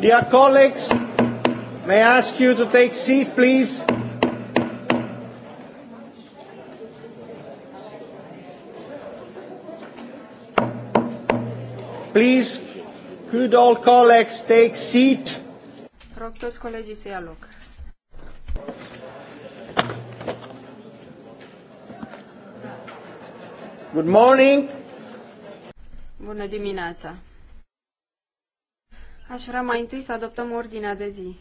Dear colleagues, may I ask you to take seat, please? Please, could all colleagues take seat? Rog toți colegii să ia loc. Good morning. Bună dimineața. Aș vrea mai întâi să adoptăm ordinea de zi.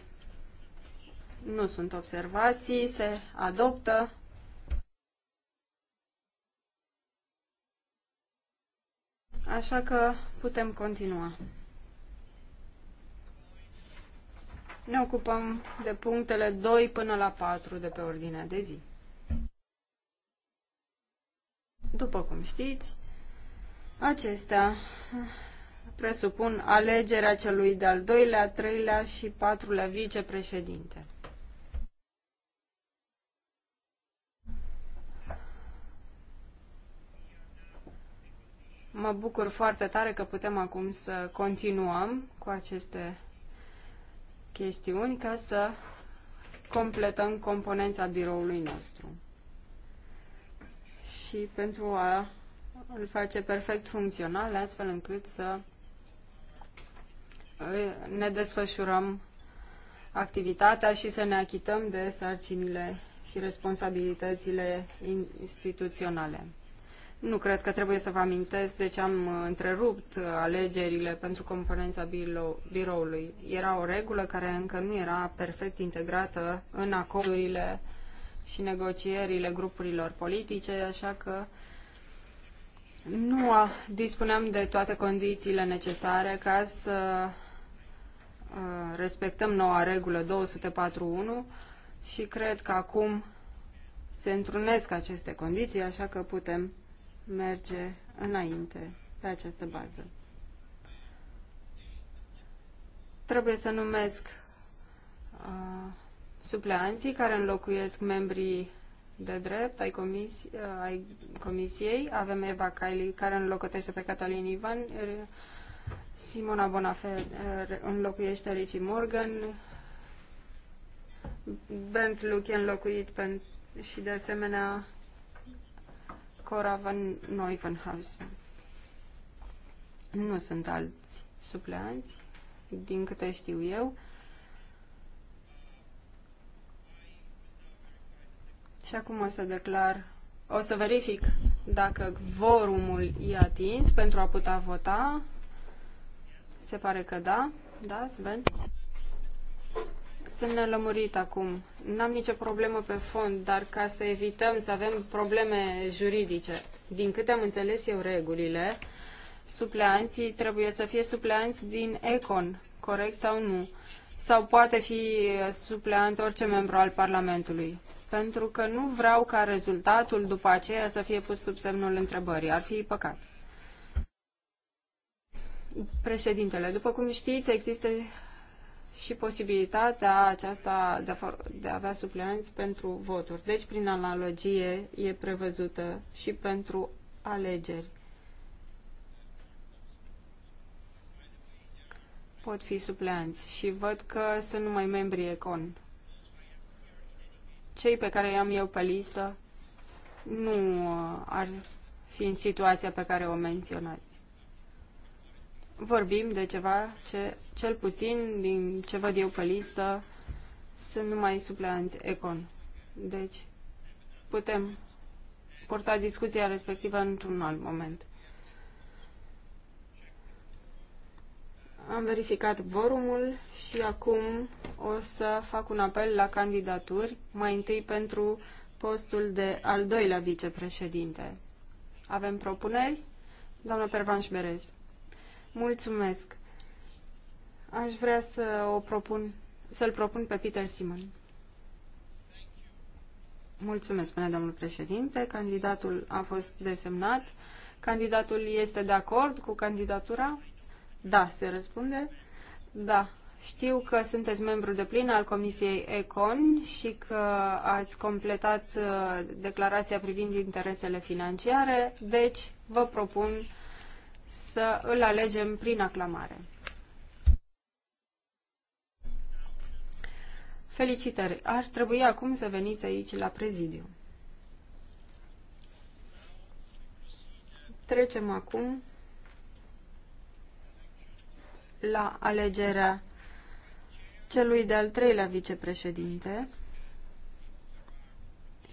Nu sunt observații, se adoptă. Așa că putem continua. Ne ocupăm de punctele 2 până la 4 de pe ordinea de zi. După cum știți, acestea presupun alegerea celui de-al doilea, treilea și patrulea vicepreședinte. Mă bucur foarte tare că putem acum să continuăm cu aceste chestiuni ca să completăm componența biroului nostru. Și pentru a îl face perfect funcțional, astfel încât să ne desfășurăm activitatea și să ne achităm de sarcinile și responsabilitățile instituționale. Nu cred că trebuie să vă amintesc de ce am întrerupt alegerile pentru componența biroului. Era o regulă care încă nu era perfect integrată în acordurile și negocierile grupurilor politice, așa că nu dispuneam de toate condițiile necesare ca să Uh, respectăm noua regulă 241 și cred că acum se întrunesc aceste condiții, așa că putem merge înainte pe această bază. Trebuie să numesc uh, supleanții care înlocuiesc membrii de drept ai, comisi uh, ai comisiei. Avem Eva Kaili care înlocuiește pe Catalin Ivan, Simona Bonafé eh, înlocuiește Richie Morgan, Bent Luke înlocuit și de asemenea Cora Van Neuvenhausen. Nu sunt alți supleanți, din câte știu eu. Și acum o să declar, o să verific dacă vorumul e atins pentru a putea vota. Se pare că da. Da, Sven? Sunt nelămurit acum. N-am nicio problemă pe fond, dar ca să evităm să avem probleme juridice, din câte am înțeles eu regulile, supleanții trebuie să fie supleanți din Econ, corect sau nu? Sau poate fi supleant orice membru al Parlamentului? Pentru că nu vreau ca rezultatul după aceea să fie pus sub semnul întrebării. Ar fi păcat. Președintele, după cum știți, există și posibilitatea aceasta de a, de a avea supleanți pentru voturi. Deci, prin analogie, e prevăzută și pentru alegeri. Pot fi supleanți și văd că sunt numai membrii ECON. Cei pe care i-am eu pe listă nu uh, ar fi în situația pe care o menționați vorbim de ceva ce, cel puțin, din ce văd eu pe listă, sunt numai supleanți Econ. Deci, putem purta discuția respectivă într-un alt moment. Am verificat vorumul și acum o să fac un apel la candidaturi, mai întâi pentru postul de al doilea vicepreședinte. Avem propuneri? Doamna Pervanș Berez. Mulțumesc. Aș vrea să o propun, să-l propun pe Peter Simon. Mulțumesc, spune domnul președinte. Candidatul a fost desemnat. Candidatul este de acord cu candidatura? Da, se răspunde. Da. Știu că sunteți membru de plin al Comisiei Econ și că ați completat uh, declarația privind interesele financiare, deci vă propun să îl alegem prin aclamare. Felicitări! Ar trebui acum să veniți aici la prezidiu. Trecem acum la alegerea celui de-al treilea vicepreședinte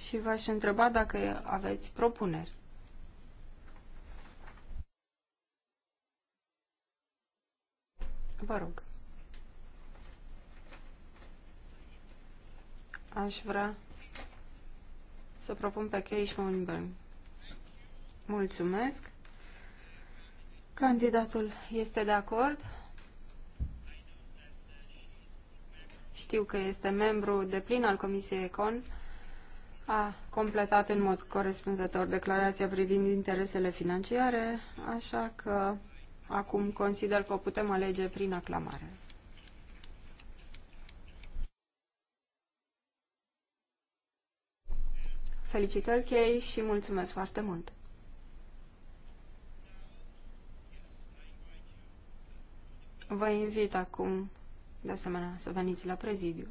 și v-aș întreba dacă aveți propuneri. Vă rog. Aș vrea să propun pe Kay Schmoenberg. Mulțumesc. Candidatul este de acord? Știu că este membru de plin al Comisiei Econ. A completat în mod corespunzător declarația privind interesele financiare, așa că Acum consider că o putem alege prin aclamare. Felicitări, Chei, și mulțumesc foarte mult! Vă invit acum, de asemenea, să veniți la prezidiu.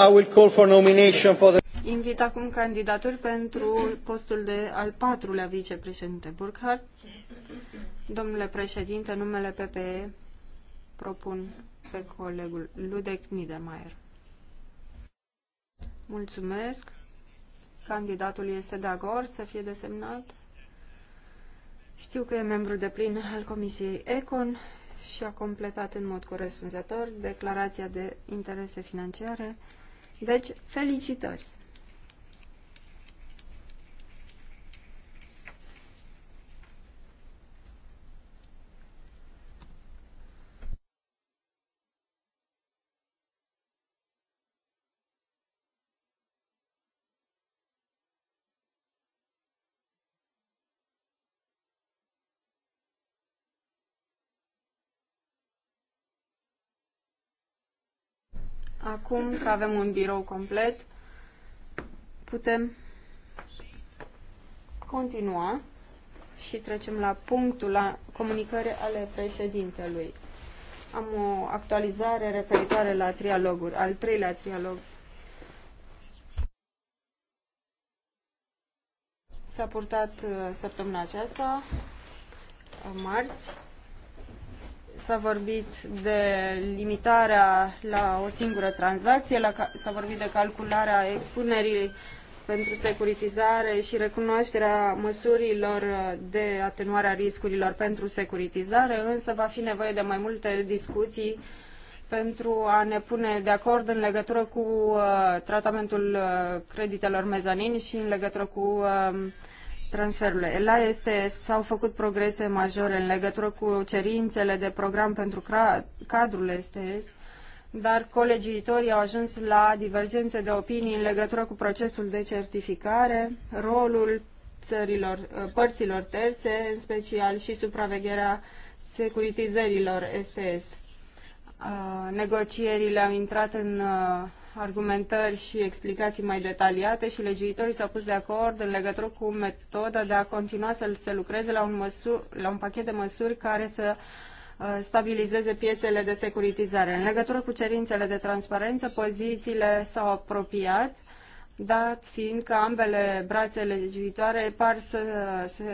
I will call for nomination for the... Invit acum candidaturi pentru postul de al patrulea vicepreședinte Burkhardt. Domnule președinte, numele PPE propun pe colegul Ludec Niedermayer. Mulțumesc. Candidatul este de acord să fie desemnat. Știu că e membru de plin al Comisiei Econ și a completat în mod corespunzător declarația de interese financiare deci, felicitări! acum că avem un birou complet, putem continua și trecem la punctul la comunicări ale președintelui. Am o actualizare referitoare la trialoguri, al treilea trialog. S-a purtat uh, săptămâna aceasta, uh, marți, S-a vorbit de limitarea la o singură tranzacție, s-a vorbit de calcularea expunerii pentru securitizare și recunoașterea măsurilor de atenuare a riscurilor pentru securitizare, însă va fi nevoie de mai multe discuții pentru a ne pune de acord în legătură cu uh, tratamentul uh, creditelor mezanin și în legătură cu uh, transferurile. La este, s-au făcut progrese majore în legătură cu cerințele de program pentru cadrul STS, dar colegiitorii au ajuns la divergențe de opinii în legătură cu procesul de certificare, rolul țărilor, părților terțe, în special și supravegherea securitizărilor STS. Negocierile au intrat în argumentări și explicații mai detaliate și legiuitorii s-au pus de acord în legătură cu metoda de a continua să se lucreze la un, măsur, la un pachet de măsuri care să uh, stabilizeze piețele de securitizare. În legătură cu cerințele de transparență, pozițiile s-au apropiat dat fiind că ambele brațe legiuitoare par să se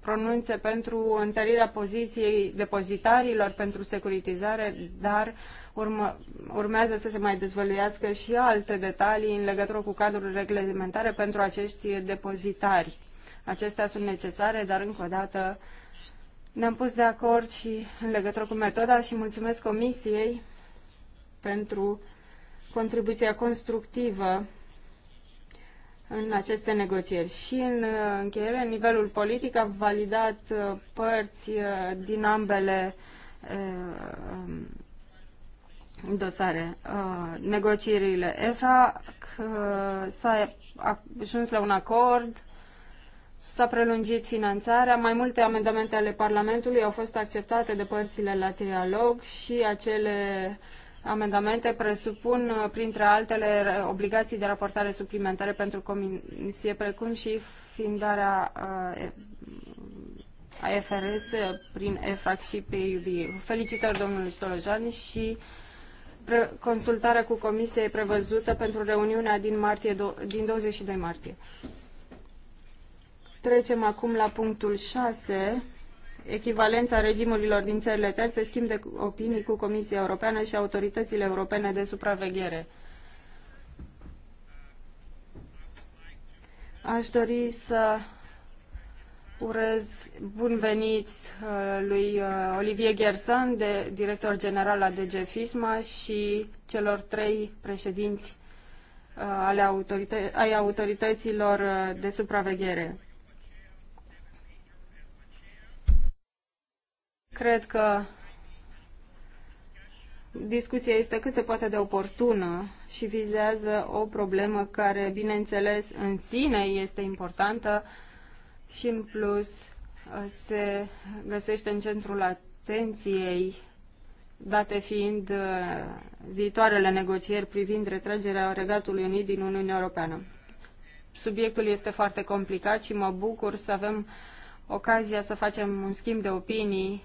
pronunțe pentru întărirea poziției depozitarilor pentru securitizare, dar urmă, urmează să se mai dezvăluiască și alte detalii în legătură cu cadrul reglementare pentru acești depozitari. Acestea sunt necesare, dar încă o dată ne-am pus de acord și în legătură cu metoda și mulțumesc Comisiei pentru contribuția constructivă în aceste negocieri. Și în uh, încheiere, nivelul politic a validat uh, părți uh, din ambele um, dosare. Negocierile EFRA s-a ajuns la un acord, s-a prelungit finanțarea, mai multe amendamente ale Parlamentului au fost acceptate de părțile la trialog și acele uh, amendamente presupun, uh, printre altele, obligații de raportare suplimentare pentru comisie, precum și findarea uh, AFRS uh, prin EFRAC și PIB. Felicitări domnului Stolojan și consultarea cu comisia e prevăzută pentru reuniunea din, martie, din 22 martie. Trecem acum la punctul 6, echivalența regimurilor din țările terțe, schimb de opinii cu Comisia Europeană și autoritățile europene de supraveghere. Aș dori să urez bun venit uh, lui uh, Olivier Gerson, de director general la DG FISMA și celor trei președinți uh, ale ai autorităților de supraveghere. Cred că discuția este cât se poate de oportună și vizează o problemă care, bineînțeles, în sine este importantă și, în plus, se găsește în centrul atenției, date fiind uh, viitoarele negocieri privind retragerea Regatului Unit din Uniunea Europeană. Subiectul este foarte complicat și mă bucur să avem ocazia să facem un schimb de opinii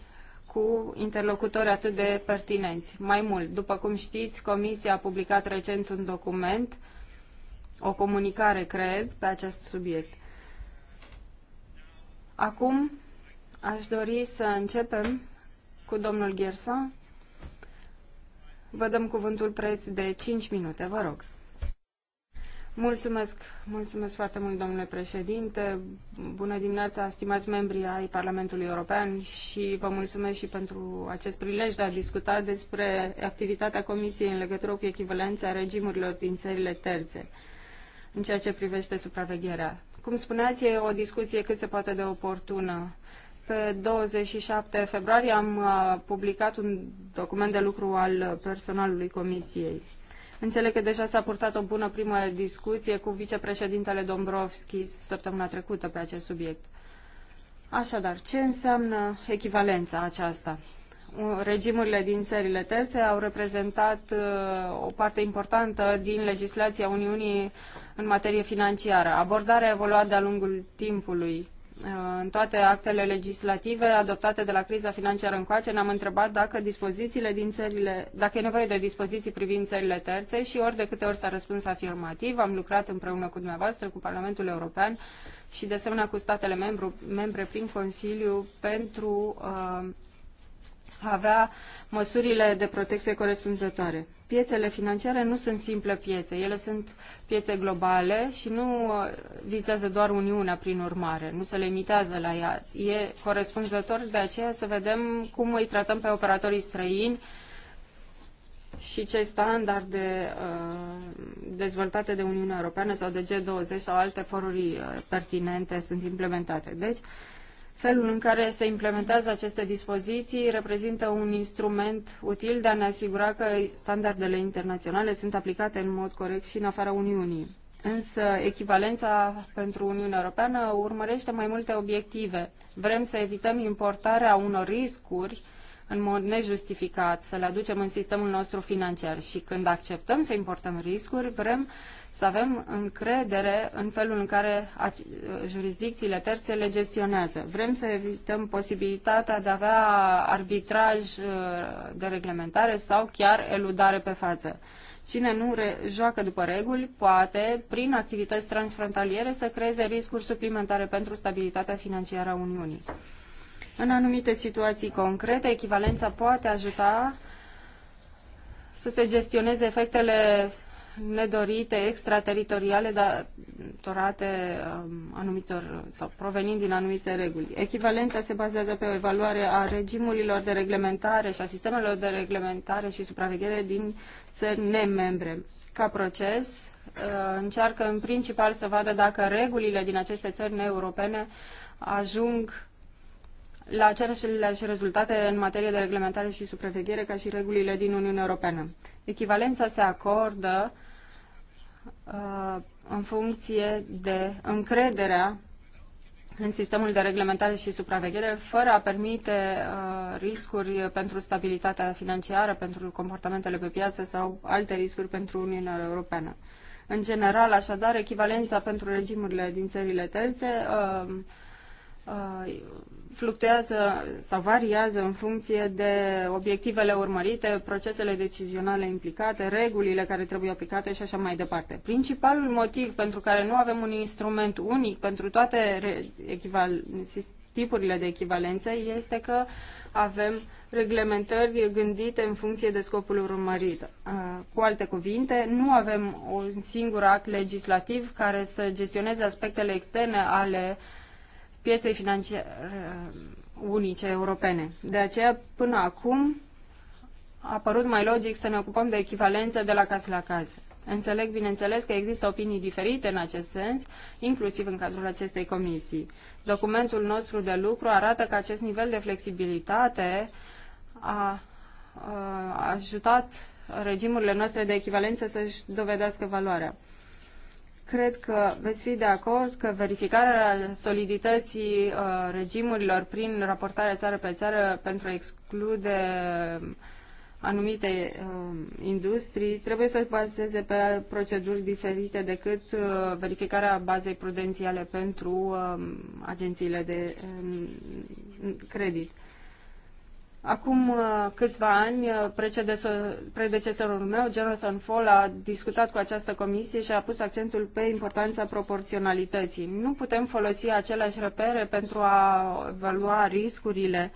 cu interlocutori atât de pertinenți. Mai mult, după cum știți, Comisia a publicat recent un document, o comunicare, cred, pe acest subiect. Acum aș dori să începem cu domnul Ghersa. Vă dăm cuvântul preț de 5 minute, vă rog. Mulțumesc, mulțumesc foarte mult, domnule președinte. Bună dimineața, stimați membri ai Parlamentului European și vă mulțumesc și pentru acest prilej de a discuta despre activitatea Comisiei în legătură cu echivalența regimurilor din țările terțe în ceea ce privește supravegherea. Cum spuneați, e o discuție cât se poate de oportună. Pe 27 februarie am uh, publicat un document de lucru al personalului Comisiei Înțeleg că deja s-a purtat o bună primă discuție cu vicepreședintele Dombrovski săptămâna trecută pe acest subiect. Așadar, ce înseamnă echivalența aceasta? Regimurile din țările terțe au reprezentat uh, o parte importantă din legislația Uniunii în materie financiară. Abordarea a evoluat de-a lungul timpului Uh, în toate actele legislative adoptate de la criza financiară încoace, ne-am întrebat dacă dispozițiile din țările, dacă e nevoie de dispoziții privind țările terțe și ori de câte ori s-a răspuns afirmativ, am lucrat împreună cu dumneavoastră, cu Parlamentul European și de asemenea cu statele membru, membre prin Consiliu pentru uh, avea măsurile de protecție corespunzătoare. Piețele financiare nu sunt simple piețe, ele sunt piețe globale și nu uh, vizează doar Uniunea prin urmare, nu se limitează la ea. E corespunzător de aceea să vedem cum îi tratăm pe operatorii străini și ce standarde uh, dezvoltate de Uniunea Europeană sau de G20 sau alte foruri uh, pertinente sunt implementate. Deci, uh, Felul în care se implementează aceste dispoziții reprezintă un instrument util de a ne asigura că standardele internaționale sunt aplicate în mod corect și în afara Uniunii. Însă echivalența pentru Uniunea Europeană urmărește mai multe obiective. Vrem să evităm importarea unor riscuri în mod nejustificat, să le aducem în sistemul nostru financiar și când acceptăm să importăm riscuri, vrem să avem încredere în felul în care jurisdicțiile terțe le gestionează. Vrem să evităm posibilitatea de a avea arbitraj uh, de reglementare sau chiar eludare pe față. Cine nu joacă după reguli poate, prin activități transfrontaliere, să creeze riscuri suplimentare pentru stabilitatea financiară a Uniunii. În anumite situații concrete, echivalența poate ajuta să se gestioneze efectele nedorite, extrateritoriale, datorate um, anumitor sau provenind din anumite reguli. Echivalența se bazează pe o evaluare a regimurilor de reglementare și a sistemelor de reglementare și supraveghere din țări nemembre. Ca proces, uh, încearcă în principal să vadă dacă regulile din aceste țări neeuropene ajung la aceleași rezultate în materie de reglementare și supraveghere ca și regulile din Uniunea Europeană. Echivalența se acordă uh, în funcție de încrederea în sistemul de reglementare și supraveghere, fără a permite uh, riscuri pentru stabilitatea financiară, pentru comportamentele pe piață sau alte riscuri pentru Uniunea Europeană. În general, așadar, echivalența pentru regimurile din țările terțe uh, uh, fluctuează sau variază în funcție de obiectivele urmărite, procesele decizionale implicate, regulile care trebuie aplicate și așa mai departe. Principalul motiv pentru care nu avem un instrument unic pentru toate tipurile de echivalență este că avem reglementări gândite în funcție de scopul urmărit. Cu alte cuvinte, nu avem un singur act legislativ care să gestioneze aspectele externe ale uh, pieței financiare uh, unice europene. De aceea, până acum, a părut mai logic să ne ocupăm de echivalență de la caz la caz. Înțeleg, bineînțeles, că există opinii diferite în acest sens, inclusiv în cadrul acestei comisii. Documentul nostru de lucru arată că acest nivel de flexibilitate a, a ajutat regimurile noastre de echivalență să-și dovedească valoarea cred că veți fi de acord că verificarea solidității uh, regimurilor prin raportarea țară pe țară pentru a exclude anumite uh, industrii trebuie să bazeze pe proceduri diferite decât uh, verificarea bazei prudențiale pentru uh, agențiile de uh, credit. Acum uh, câțiva ani, uh, predecesorul meu, Jonathan Fall, a discutat cu această comisie și a pus accentul pe importanța proporționalității. Nu putem folosi aceleași repere pentru a evalua riscurile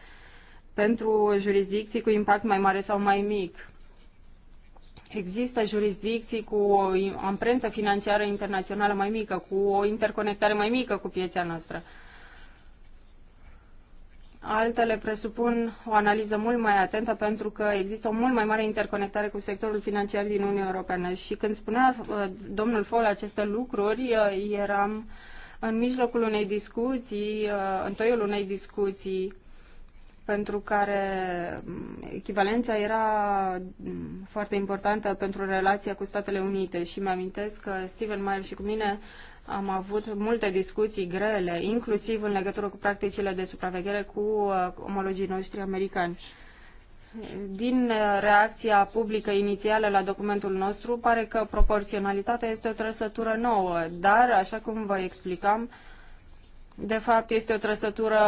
pentru jurisdicții cu impact mai mare sau mai mic. Există jurisdicții cu o amprentă financiară internațională mai mică, cu o interconectare mai mică cu piața noastră. Altele presupun o analiză mult mai atentă pentru că există o mult mai mare interconectare cu sectorul financiar din Uniunea Europeană. Și când spunea uh, domnul Fol aceste lucruri, uh, eram în mijlocul unei discuții, uh, în toiul unei discuții pentru care mm, echivalența era mm, foarte importantă pentru relația cu Statele Unite și mi-amintesc că Steven Meyer și cu mine am avut multe discuții grele, inclusiv în legătură cu practicile de supraveghere cu uh, omologii noștri americani. Din uh, reacția publică inițială la documentul nostru, pare că proporționalitatea este o trăsătură nouă, dar, așa cum vă explicam, de fapt, este o trăsătură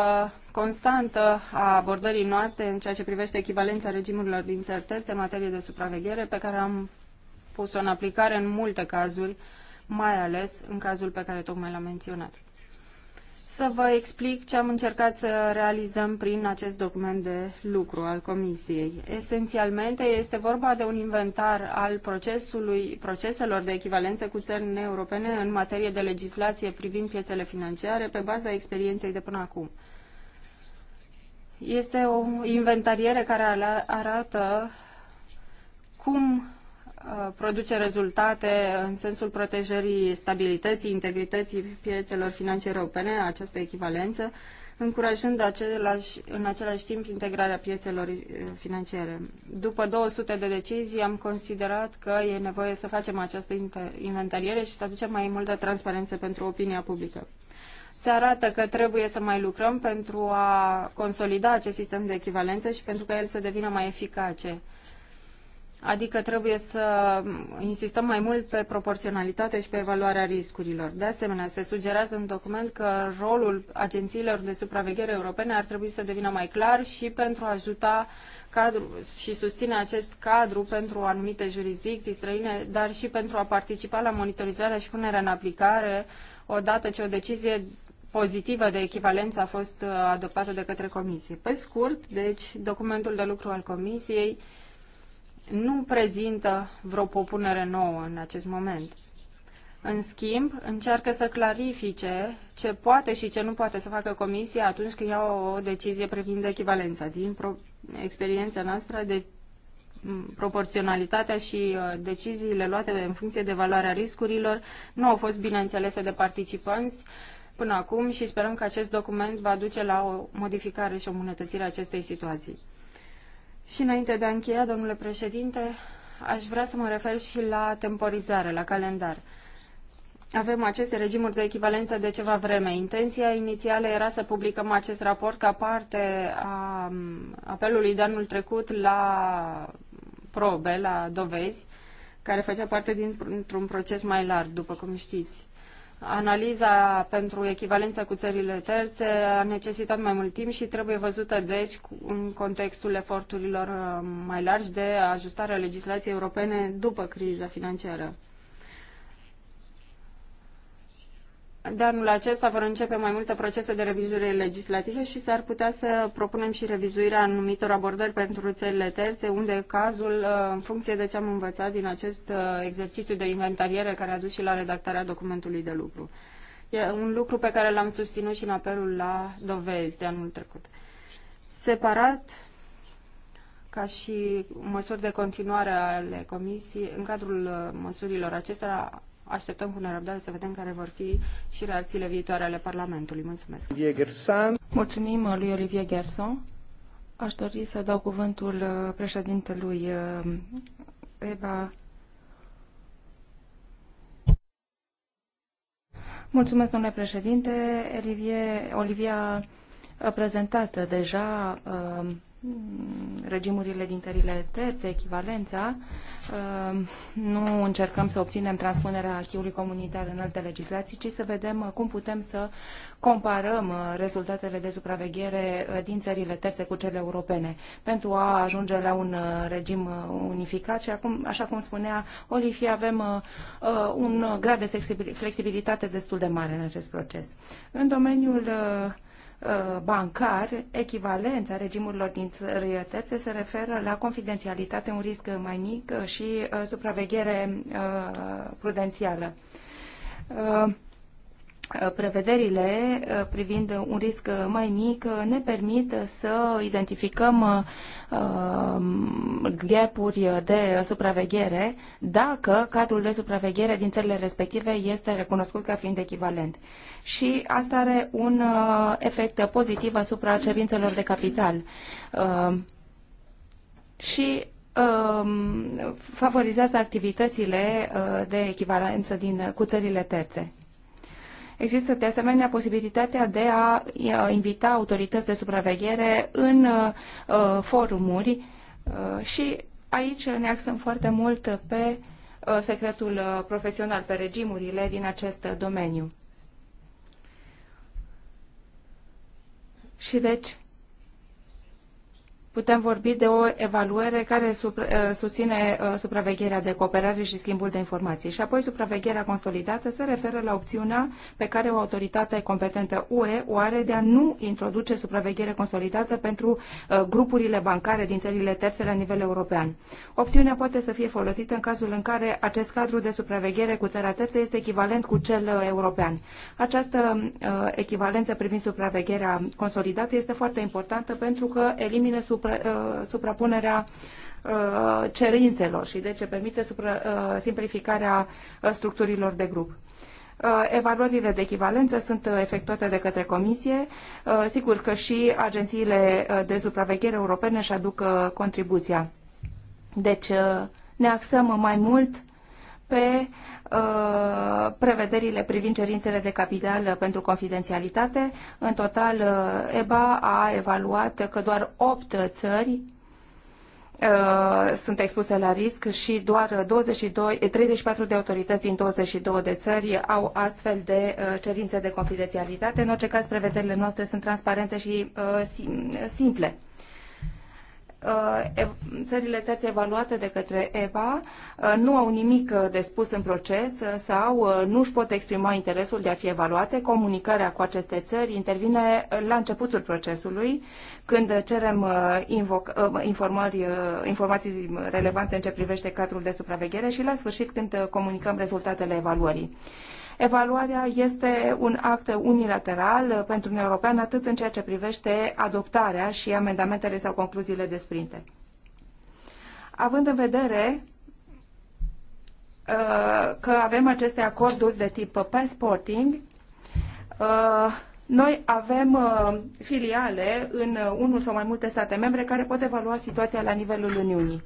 constantă a abordării noastre în ceea ce privește echivalența regimurilor din țări în materie de supraveghere, pe care am pus-o în aplicare în multe cazuri mai ales în cazul pe care tocmai l-am menționat. Să vă explic ce am încercat să realizăm prin acest document de lucru al Comisiei. Esențialmente este vorba de un inventar al procesului, proceselor de echivalență cu țările europene în materie de legislație privind piețele financiare pe baza experienței de până acum. Este o inventariere care arată cum Uh, produce rezultate în sensul protejării stabilității, integrității piețelor financiare europene, această echivalență, încurajând același, în același timp integrarea piețelor uh, financiare. După 200 de decizii am considerat că e nevoie să facem această inventariere și să aducem mai multă transparență pentru opinia publică. Se arată că trebuie să mai lucrăm pentru a consolida acest sistem de echivalență și pentru ca el să devină mai eficace. Adică trebuie să insistăm mai mult pe proporționalitate și pe evaluarea riscurilor. De asemenea, se sugerează în document că rolul agențiilor de supraveghere europene ar trebui să devină mai clar și pentru a ajuta cadru, și susține acest cadru pentru anumite jurisdicții străine, dar și pentru a participa la monitorizarea și punerea în aplicare odată ce o decizie pozitivă de echivalență a fost uh, adoptată de către Comisie. Pe scurt, deci, documentul de lucru al Comisiei nu prezintă vreo propunere nouă în acest moment. În schimb, încearcă să clarifice ce poate și ce nu poate să facă Comisia atunci când ia o decizie privind echivalența. Din pro- experiența noastră de proporționalitatea și uh, deciziile luate în funcție de valoarea riscurilor nu au fost bine înțelese de participanți până acum și sperăm că acest document va duce la o modificare și o îmbunătățire a acestei situații. Și înainte de a încheia, domnule președinte, aș vrea să mă refer și la temporizare, la calendar. Avem aceste regimuri de echivalență de ceva vreme. Intenția inițială era să publicăm acest raport ca parte a apelului de anul trecut la probe, la dovezi, care făcea parte dintr-un proces mai larg, după cum știți. Analiza pentru echivalența cu țările terțe a necesitat mai mult timp și trebuie văzută, deci, în contextul eforturilor uh, mai largi de ajustare a legislației europene după criza financiară. de anul acesta vor începe mai multe procese de revizuire legislative și s-ar putea să propunem și revizuirea anumitor abordări pentru țările terțe, unde cazul, uh, în funcție de ce am învățat din acest uh, exercițiu de inventariere care a dus și la redactarea documentului de lucru. E un lucru pe care l-am susținut și în apelul la dovezi de anul trecut. Separat, ca și măsuri de continuare ale comisiei, în cadrul uh, măsurilor acestora așteptăm cu nerăbdare să vedem care vor fi și reacțiile viitoare ale Parlamentului. Mulțumesc! Mulțumim lui Olivier Gerson. Aș dori să dau cuvântul uh, președintelui uh, Eva Mulțumesc, domnule președinte. Olivier, Olivia a prezentat deja uh, Mm, regimurile din țările terțe, echivalența, uh, nu încercăm să obținem transpunerea acquis comunitar în alte legislații, ci să vedem uh, cum putem să comparăm uh, rezultatele de supraveghere din țările terțe cu cele europene pentru a ajunge la un regim unificat și acum, așa cum spunea Olifia, avem un grad de flexibilitate destul de mare în acest proces. În domeniul uh, Uh, bancar, echivalența regimurilor din țări se referă la confidențialitate, un risc mai mic și uh, supraveghere uh, prudențială. Uh, prevederile uh, privind un risc uh, mai mic ne permit să identificăm gapuri de supraveghere dacă cadrul de supraveghere din țările respective este recunoscut ca fiind echivalent. Și asta are un efect pozitiv asupra cerințelor de capital. Și um, favorizează activitățile de echivalență din, cu țările terțe. Există de asemenea posibilitatea de a invita autorități de supraveghere în uh, uh, forumuri uh, și aici ne axăm foarte mult pe secretul profesional, pe regimurile din acest domeniu. Și deci putem vorbi de o evaluare care uh, susține uh, supravegherea de cooperare și schimbul de informații. Și apoi supravegherea consolidată se referă la opțiunea pe care o autoritate competentă UE o are de a nu introduce supraveghere consolidată pentru uh, grupurile bancare din țările terțe la nivel european. Opțiunea poate să fie folosită în cazul în care acest cadru de supraveghere cu țara terță este echivalent cu cel european. Această echivalență privind supravegherea consolidată este foarte importantă pentru că elimină sub Uh, suprapunerea uh, cerințelor și de ce permite uh, simplificarea structurilor de grup. Evaluările de echivalență sunt efectuate de către Comisie. Sigur că și agențiile de supraveghere europene își aduc contribuția. Deci ne axăm mai mult pe Uh, prevederile privind cerințele de capital pentru confidențialitate. În total, uh, EBA a evaluat că doar 8 țări uh, sunt expuse la risc și doar 22, 34 de autorități din 22 de țări au astfel de cerințe de confidențialitate. În orice caz, prevederile noastre sunt transparente și simple. Uh, țările terțe evaluate de către EVA uh, nu au nimic uh, de spus în proces sau nu își pot exprima interesul de a fi evaluate. Comunicarea cu aceste țări intervine la începutul procesului, când cerem informații relevante în ce privește cadrul de supraveghere și la sfârșit când comunicăm rezultatele evaluării. Evaluarea este un act unilateral pentru Uniunea Europeană, atât în ceea ce privește adoptarea și amendamentele sau concluziile desprinte. Având în vedere uh, că avem aceste acorduri de tip passporting, uh, noi avem uh, filiale în unul sau mai multe state membre care pot evalua situația la nivelul Uniunii.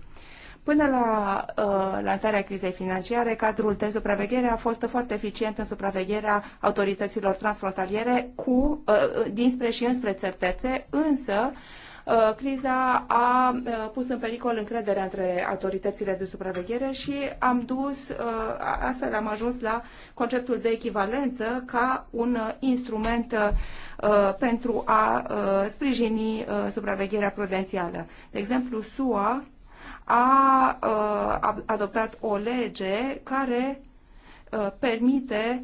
Până la uh, lansarea crizei financiare, cadrul de supraveghere a fost foarte eficient în supravegherea autorităților transfrontaliere cu, uh, dinspre și înspre țări terțe, însă uh, criza a uh, pus în pericol încrederea între autoritățile de supraveghere și am dus, uh, astfel am ajuns la conceptul de echivalență ca un instrument pentru a sprijini supravegherea prudențială. De exemplu, SUA Uh, a adoptat o lege care uh, permite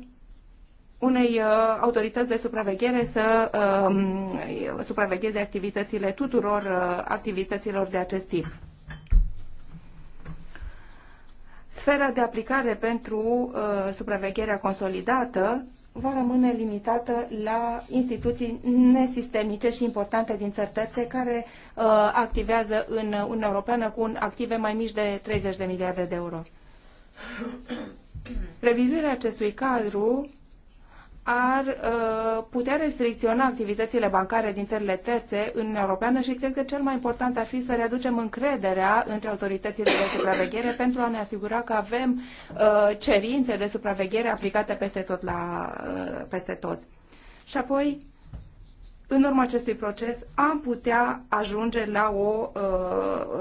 unei uh, autorități de supraveghere să uh, supravegheze activitățile tuturor uh, activităților de acest tip. Sfera de aplicare pentru uh, supravegherea consolidată va rămâne limitată la instituții nesistemice și importante din țărtățe care uh, activează în Uniunea Europeană cu un active mai mici de 30 de miliarde de euro. Revizuirea acestui cadru ar uh, putea restricționa activitățile bancare din țările terțe în Uniunea Europeană și cred că cel mai important ar fi să readucem încrederea între autoritățile de supraveghere pentru a ne asigura că avem uh, cerințe de supraveghere aplicate peste tot. La, uh, peste tot. Și apoi, în urma acestui proces am putea ajunge la o uh,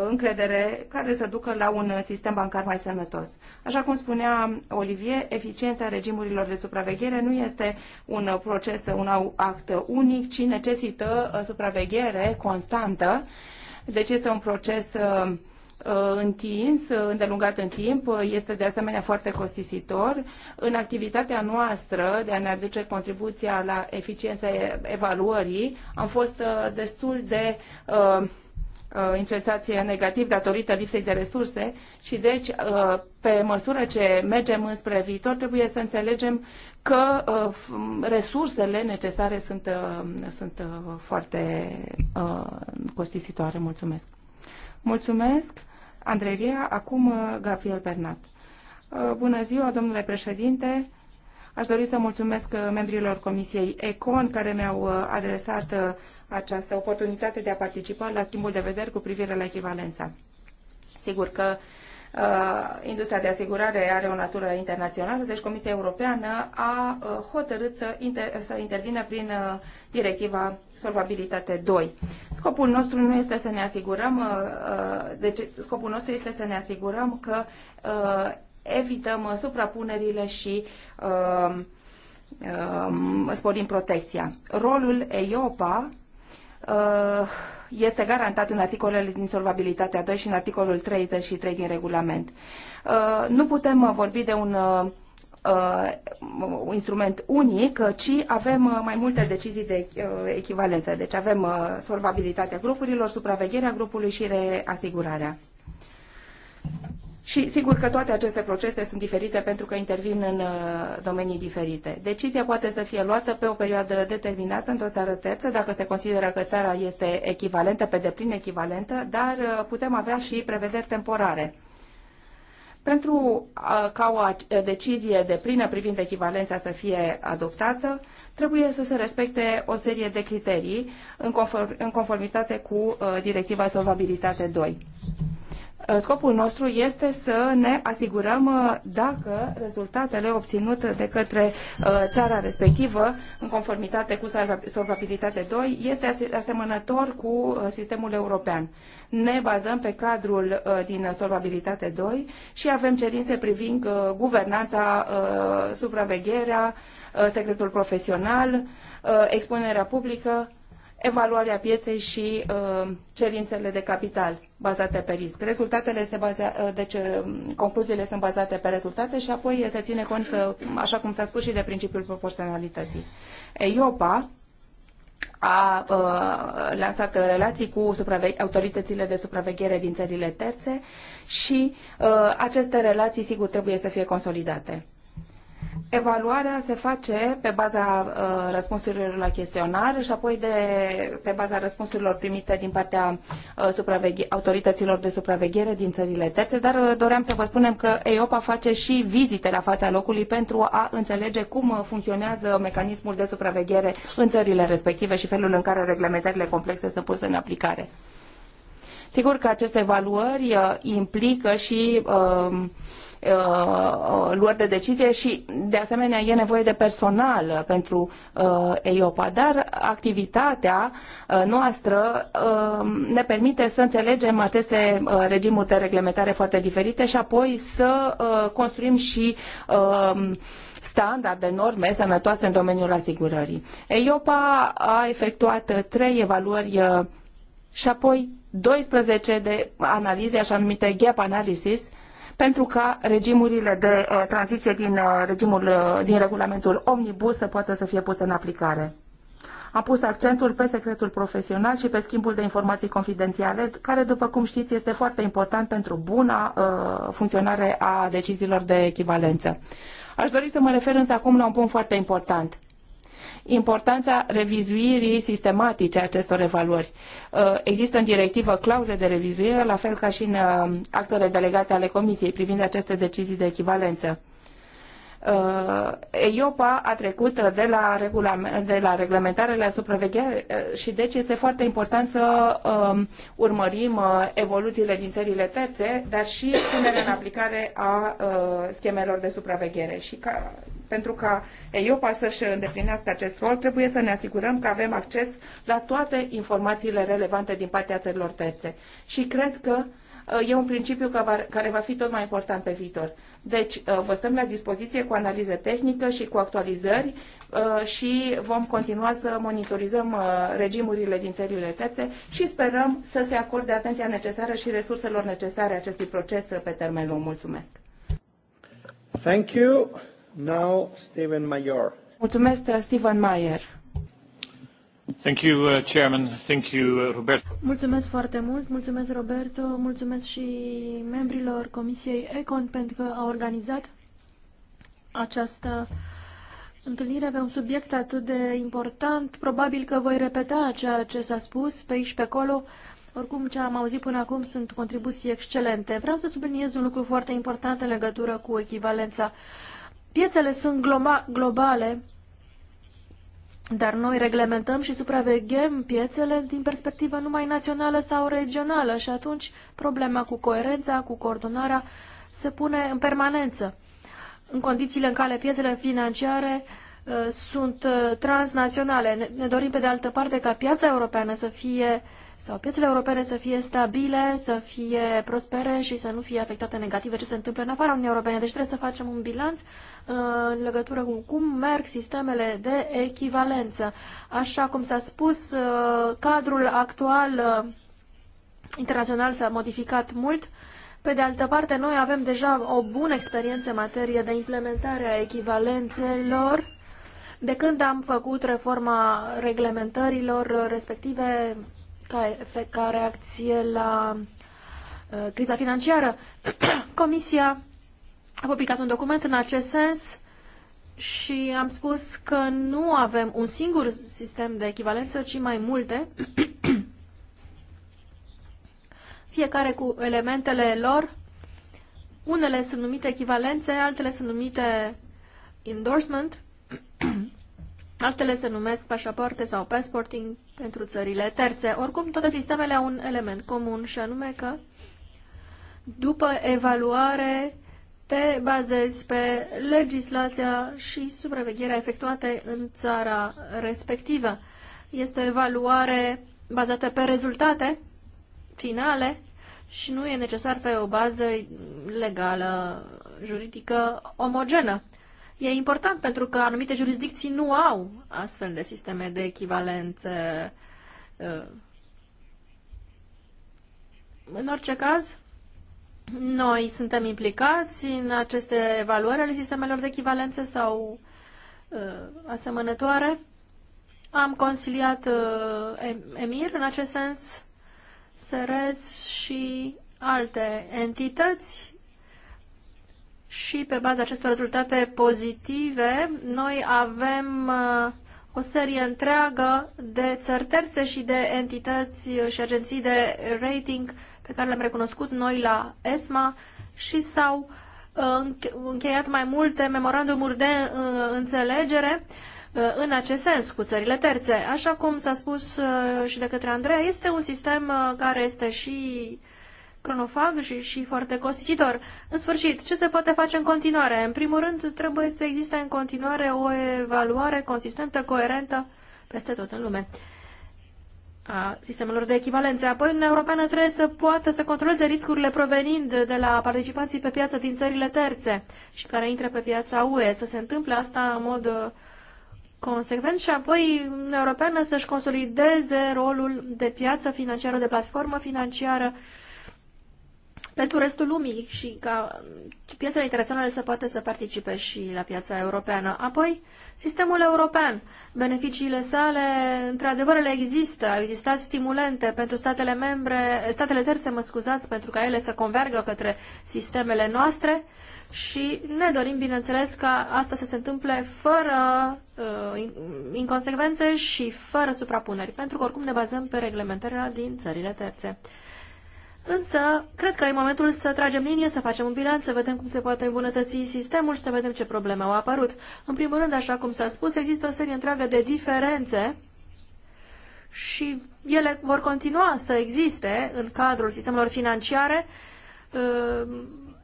încredere care să ducă la un sistem bancar mai sănătos. Așa cum spunea Olivier, eficiența regimurilor de supraveghere nu este un proces, un act unic, ci necesită uh, supraveghere constantă. Deci este un proces uh, Uh, întins, uh, îndelungat în timp, uh, este de asemenea foarte costisitor. În activitatea noastră de a ne aduce contribuția la eficiența evaluării, am fost destul de influențație negativ datorită lipsei de resurse și deci pe măsură ce mergem înspre viitor trebuie să înțelegem că resursele necesare sunt, sunt foarte costisitoare. Mulțumesc! Mulțumesc! Andrelia, acum uh, Gabriel Bernat. Uh, bună ziua, domnule președinte! Aș dori să mulțumesc uh, membrilor Comisiei ECON care mi-au adresat această oportunitate de a participa la schimbul de vederi cu privire la echivalența. Sigur că Uh, industria de asigurare are o natură internațională, deci Comisia Europeană a uh, hotărât să, inter- să intervină prin uh, directiva Solvabilitate 2. Scopul nostru nu este să ne asigurăm, deci scopul nostru este să ne asigurăm că evităm suprapunerile și um, sporim protecția. Rolul EIOPA este garantat în articolele din solvabilitatea 2 și în articolul 33 din regulament. Uh, nu putem uh, vorbi de un un uh, instrument unic, ci avem mai multe decizii de echivalență. Deci avem solvabilitatea grupurilor, supravegherea grupului și reasigurarea. Și sigur că toate aceste procese sunt diferite pentru că intervin în uh, domenii diferite. Decizia poate să fie luată pe o perioadă determinată într-o țară terță, dacă se consideră că țara este echivalentă, pe deplin echivalentă, dar uh, putem avea și prevederi temporare. Pentru uh, ca o decizie de plină privind echivalența să fie adoptată, trebuie să se respecte o serie de criterii în, conformitate cu Directiva Solvabilitate 2. Uh, scopul nostru este să ne asigurăm uh, dacă rezultatele obținute de către uh, țara respectivă, în conformitate cu solvabilitate 2, este asemănător cu sistemul european. Ne bazăm pe cadrul din solvabilitate 2 și avem cerințe privind guvernanța, supravegherea, secretul profesional, expunerea publică, evaluarea pieței și uh, cerințele de capital bazate pe risc. Rezultatele se bazea, uh, deci uh, concluziile sunt bazate pe rezultate și apoi se ține cont, uh, așa cum s-a spus și de principiul proporționalității. EIOPA a uh, lansat relații cu autoritățile de supraveghere din țările terțe și uh, aceste relații, sigur, trebuie să fie consolidate. Evaluarea se face pe baza uh, răspunsurilor la chestionar și apoi de, pe baza răspunsurilor primite din partea uh, autorităților de supraveghere din țările terțe, dar uh, doream să vă spunem că EIOPA face și vizite la fața locului pentru a înțelege cum uh, funcționează mecanismul de supraveghere în țările respective și felul în care reglementările complexe sunt puse în aplicare. Sigur că aceste evaluări uh, implică și uh, Uh, luări de decizie și, de asemenea, e nevoie de personal pentru uh, EIOPA, dar activitatea uh, noastră uh, ne permite să înțelegem aceste uh, regimuri de reglementare foarte diferite și apoi să uh, construim și uh, standarde, norme sănătoase în domeniul asigurării. EIOPA a efectuat trei evaluări uh, și apoi 12 de analize, așa numite gap analysis, pentru ca regimurile de uh, tranziție din uh, regimul uh, din regulamentul omnibus să poată să fie puse în aplicare. Am pus accentul pe secretul profesional și pe schimbul de informații confidențiale, care, după cum știți, este foarte important pentru buna uh, funcționare a deciziilor de echivalență. Aș dori să mă refer însă acum la un punct foarte important importanța revizuirii sistematice a acestor evaluări. Uh, există în directivă clauze de revizuire, la fel ca și în uh, actele delegate ale Comisiei privind aceste decizii de echivalență. Uh, EIOPA a trecut de la, de la reglementare la supraveghere și deci este foarte important să um, urmărim evoluțiile din țările terțe, dar și punerea în aplicare a schemelor de supraveghere. Și ca pentru ca EIOPA să-și îndeplinească acest rol, trebuie să ne asigurăm că avem acces la toate informațiile relevante din partea țărilor terțe. Și cred că uh, e un principiu care va fi tot mai important pe viitor. Deci, uh, vă stăm la dispoziție cu analiză tehnică și cu actualizări uh, și vom continua să monitorizăm regimurile din țările tețe și sperăm să se acorde atenția necesară și resurselor necesare acestui proces pe termen lung. Mulțumesc! Thank you. Now, Mayer. Mulțumesc, Stephen Mayer. Thank you, uh, Chairman. Thank you, uh, Roberto. Mulțumesc foarte mult, mulțumesc Roberto, mulțumesc și membrilor Comisiei Econ pentru că au organizat această întâlnire pe un subiect atât de important. Probabil că voi repeta ceea ce s-a spus pe aici pe acolo. Oricum, ce am auzit până acum sunt contribuții excelente. Vreau să subliniez un lucru foarte important în legătură cu echivalența Piețele sunt globale, dar noi reglementăm și supraveghem piețele din perspectivă numai națională sau regională și atunci problema cu coerența, cu coordonarea se pune în permanență. În condițiile în care piețele financiare uh, sunt uh, transnaționale, ne, ne dorim pe de altă parte ca piața europeană să fie uh, sau piețele europene să fie stabile, să fie prospere și să nu fie afectate negative ce se întâmplă în afara Uniunii Europene. Deci trebuie să facem un bilanț uh, în legătură cu cum merg sistemele de echivalență. Așa cum s-a spus, uh, cadrul actual uh, internațional s-a modificat mult. Pe de altă parte, noi avem deja o bună experiență în materie de implementare a echivalențelor de când am făcut reforma reglementărilor respective ca, ca reacție la uh, criza financiară. Comisia a publicat un document în acest sens și am spus că nu avem un singur sistem de echivalență, ci mai multe, fiecare cu elementele lor. Unele sunt numite echivalențe, altele sunt numite endorsement, altele se numesc pașapoarte sau passporting pentru țările terțe. Oricum, toate sistemele au un element comun și anume că după evaluare te bazezi pe legislația și supravegherea efectuate în țara respectivă. Este o evaluare bazată pe rezultate finale și nu e necesar să ai o bază legală, juridică, omogenă. E important pentru că anumite jurisdicții nu au astfel de sisteme de echivalență. Uh, în orice caz, noi suntem implicați în aceste evaluări ale sistemelor de echivalență sau uh, asemănătoare. Am consiliat uh, EMIR în acest sens, SERES și alte entități și pe baza acestor rezultate pozitive, noi avem o serie întreagă de țări terțe și de entități și agenții de rating pe care le-am recunoscut noi la ESMA și s-au uh, încheiat mai multe memorandumuri de uh, înțelegere uh, în acest sens cu țările terțe. Așa cum s-a spus și de către Andreea, este un sistem care este și cronofag și, și foarte costisitor. În sfârșit, ce se poate face în continuare? În primul rând, trebuie să existe în continuare o evaluare consistentă, coerentă, peste tot în lume a sistemelor de echivalențe. Apoi, Uniunea Europeană trebuie să poată să controleze riscurile provenind de la participanții pe piață din țările terțe și care intră pe piața UE. Să se întâmple asta în mod uh, consecvent și apoi Uniunea Europeană să-și consolideze rolul de piață financiară, de platformă financiară pentru restul lumii și ca piețele internaționale să poată să participe și la piața europeană. Apoi, sistemul european, beneficiile sale, într-adevăr, le există. Au existat stimulente pentru statele membre, statele terțe, mă scuzați, pentru ca ele să convergă către sistemele noastre și ne dorim, bineînțeles, ca asta să se întâmple fără uh, inconsecvențe și fără suprapuneri, pentru că oricum ne bazăm pe reglementarea din țările terțe. Însă, cred că e momentul să tragem linie, să facem un bilanț, să vedem cum se poate îmbunătăți sistemul și să vedem ce probleme au apărut. În primul rând, așa cum s-a spus, există o serie întreagă de diferențe și ele vor continua să existe în cadrul sistemelor financiare. Ă,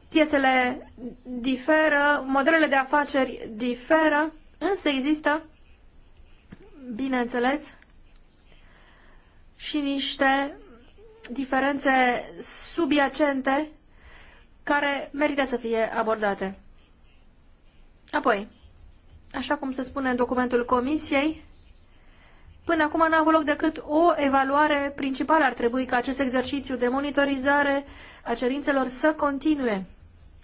piețele diferă, modelele de afaceri diferă, însă există, bineînțeles, și niște diferențe subiacente care merită să fie abordate. Apoi, așa cum se spune în documentul Comisiei, Până acum n-a avut loc decât o evaluare principală. Ar trebui ca acest exercițiu de monitorizare a cerințelor să continue,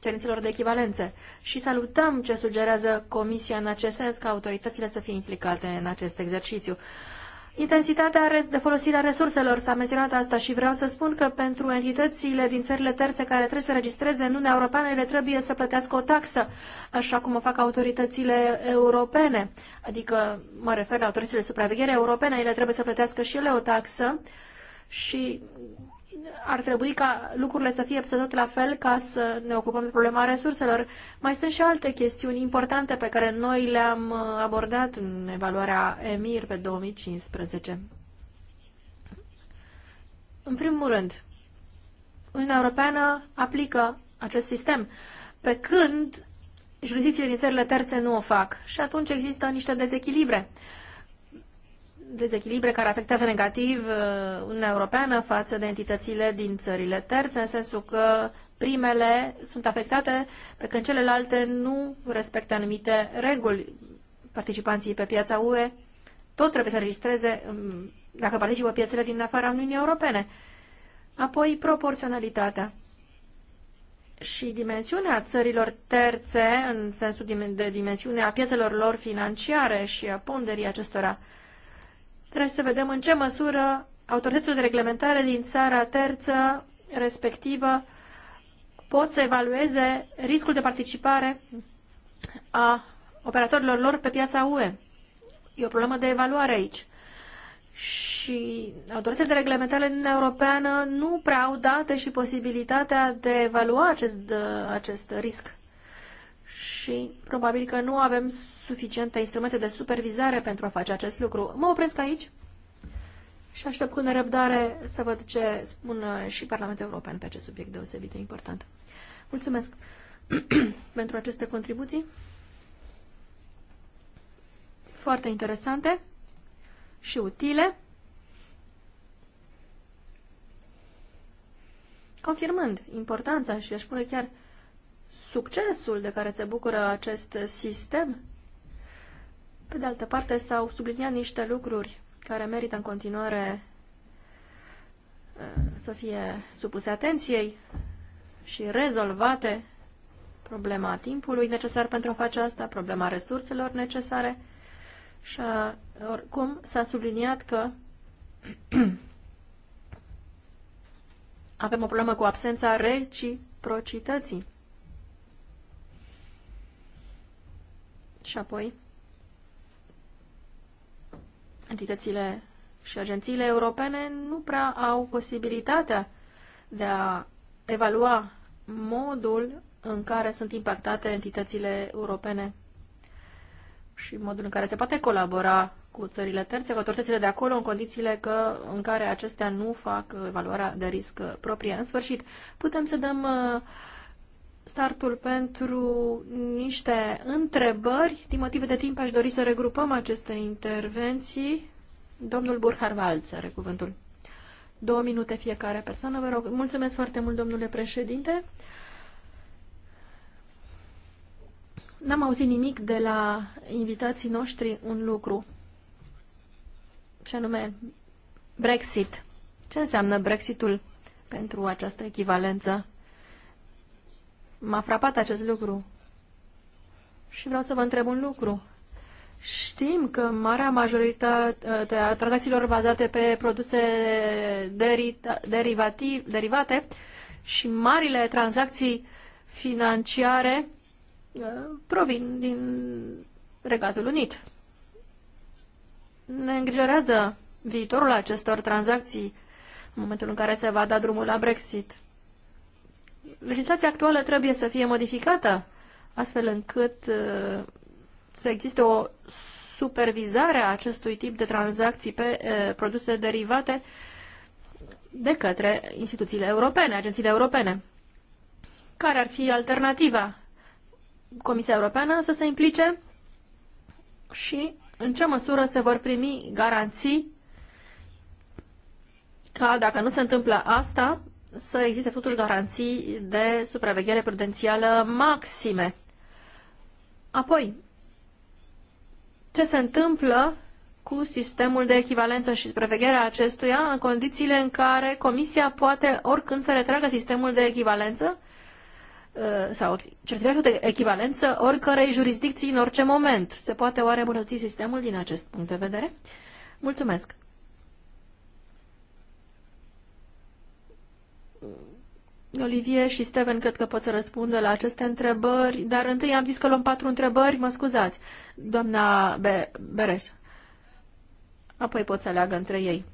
cerințelor de echivalențe. Și salutăm ce sugerează Comisia în acest sens, ca autoritățile să fie implicate în acest exercițiu. Intensitatea de folosire a resurselor, s-a menționat asta și vreau să spun că pentru entitățile din țările terțe care trebuie să registreze în Uniunea Europeană, ele trebuie să plătească o taxă, așa cum o fac autoritățile europene. Adică, mă refer la autoritățile de supraveghere europene, ele trebuie să plătească și ele o taxă și ar trebui ca lucrurile să fie tot la fel ca să ne ocupăm de problema resurselor. Mai sunt și alte chestiuni importante pe care noi le-am uh, abordat în evaluarea EMIR pe 2015. În primul rând, Uniunea Europeană aplică acest sistem, pe când jurisdicțiile din țările terțe nu o fac și atunci există niște dezechilibre dezechilibre care afectează negativ uh, Uniunea Europeană față de entitățile din țările terțe, în sensul că primele sunt afectate, pe când celelalte nu respectă anumite reguli. Participanții pe piața UE tot trebuie să registreze um, dacă participă piețele din afara Uniunii Europene. Apoi, proporționalitatea și dimensiunea țărilor terțe, în sensul de dimensiunea piețelor lor financiare și a ponderii acestora. Trebuie să vedem în ce măsură autoritățile de reglementare din țara terță respectivă pot să evalueze riscul de participare a operatorilor lor pe piața UE. E o problemă de evaluare aici. Și autoritățile de reglementare din Europeană nu prea au date și posibilitatea de a evalua acest, acest risc și probabil că nu avem suficiente instrumente de supervizare pentru a face acest lucru. Mă opresc aici și aștept cu nerăbdare să văd ce spun uh, și Parlamentul European pe acest subiect deosebit de important. Mulțumesc pentru aceste contribuții foarte interesante și utile. confirmând importanța și aș spune chiar succesul de care se bucură acest sistem. Pe de altă parte, s-au subliniat niște lucruri care merită în continuare uh, să fie supuse atenției și rezolvate problema timpului necesar pentru a face asta, problema resurselor necesare și a, uh, oricum s-a subliniat că avem o problemă cu absența reciprocității. și apoi entitățile și agențiile europene nu prea au posibilitatea de a evalua modul în care sunt impactate entitățile europene și modul în care se poate colabora cu țările terțe, cu autoritățile de acolo, în condițiile că, în care acestea nu fac evaluarea de risc proprie. În sfârșit, putem să dăm uh, startul pentru niște întrebări. Din motive de timp aș dori să regrupăm aceste intervenții. Domnul Burhar Valț are cuvântul. Două minute fiecare persoană, vă rog. Mulțumesc foarte mult, domnule președinte. N-am auzit nimic de la invitații noștri un lucru, și anume Brexit. Ce înseamnă Brexitul pentru această echivalență? M-a frapat acest lucru. Și vreau să vă întreb un lucru. Știm că marea majoritate uh, a tranzacțiilor bazate pe produse derivate și marile tranzacții financiare uh, provin din Regatul Unit. Ne îngrijorează viitorul acestor tranzacții în momentul în care se va da drumul la Brexit legislația actuală trebuie să fie modificată astfel încât uh, să existe o supervizare a acestui tip de tranzacții pe uh, produse derivate de către instituțiile europene, agențiile europene. Care ar fi alternativa? Comisia Europeană să se implice și în ce măsură se vor primi garanții ca dacă nu se întâmplă asta, să existe totuși garanții de supraveghere prudențială maxime. Apoi, ce se întâmplă cu sistemul de echivalență și supravegherea acestuia în condițiile în care Comisia poate oricând să retragă sistemul de echivalență uh, sau certificatul de echivalență oricărei jurisdicții în orice moment. Se poate oare îmbunătăți sistemul din acest punct de vedere? Mulțumesc! Olivier și Steven cred că pot să răspundă la aceste întrebări, dar întâi am zis că luăm patru întrebări, mă scuzați, doamna Be- Bereș. Apoi pot să aleagă între ei.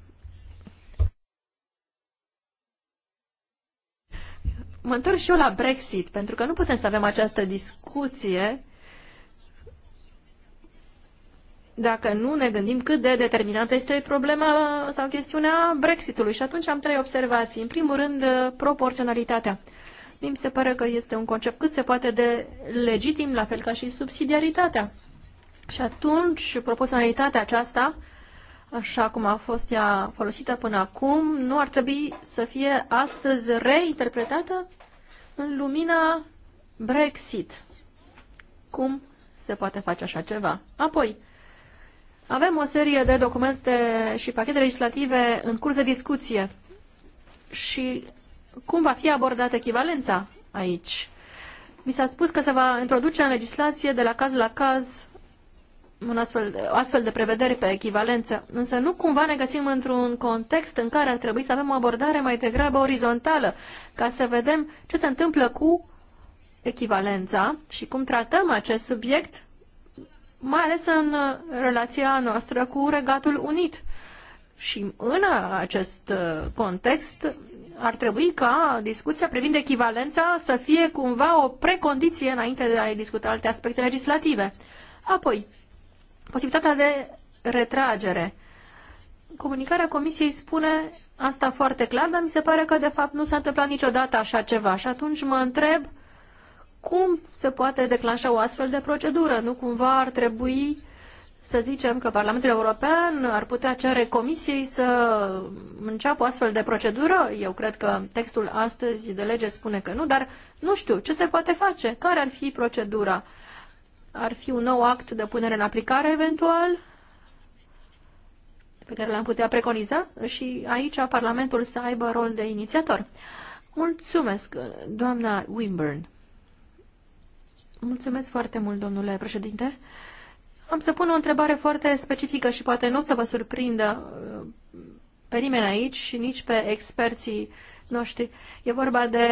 Mă întorc și eu la Brexit, pentru că nu putem să avem această discuție dacă nu ne gândim cât de determinată este problema sau chestiunea Brexitului. Și atunci am trei observații. În primul rând, proporționalitatea. Mi se pare că este un concept cât se poate de legitim, la fel ca și subsidiaritatea. Și atunci, proporționalitatea aceasta, așa cum a fost ea folosită până acum, nu ar trebui să fie astăzi reinterpretată în lumina Brexit. Cum se poate face așa ceva? Apoi, avem o serie de documente și pachete legislative în curs de discuție și cum va fi abordată echivalența aici. Mi s-a spus că se va introduce în legislație de la caz la caz un astfel, de, astfel de prevedere pe echivalență, însă nu cumva ne găsim într-un context în care ar trebui să avem o abordare mai degrabă orizontală, ca să vedem ce se întâmplă cu echivalența și cum tratăm acest subiect mai ales în uh, relația noastră cu Regatul Unit. Și în uh, acest uh, context ar trebui ca discuția privind echivalența să fie cumva o precondiție înainte de a discuta alte aspecte legislative. Apoi, posibilitatea de retragere. Comunicarea Comisiei spune asta foarte clar, dar mi se pare că de fapt nu s-a întâmplat niciodată așa ceva. Și atunci mă întreb cum se poate declanșa o astfel de procedură? Nu cumva ar trebui să zicem că Parlamentul European ar putea cere Comisiei să înceapă o astfel de procedură? Eu cred că textul astăzi de lege spune că nu, dar nu știu ce se poate face, care ar fi procedura. Ar fi un nou act de punere în aplicare eventual pe care l-am putea preconiza și aici Parlamentul să aibă rol de inițiator. Mulțumesc, doamna Wimburne. Mulțumesc foarte mult, domnule președinte. Am să pun o întrebare foarte specifică și poate nu o să vă surprindă uh, pe nimeni aici și nici pe experții noștri. E vorba de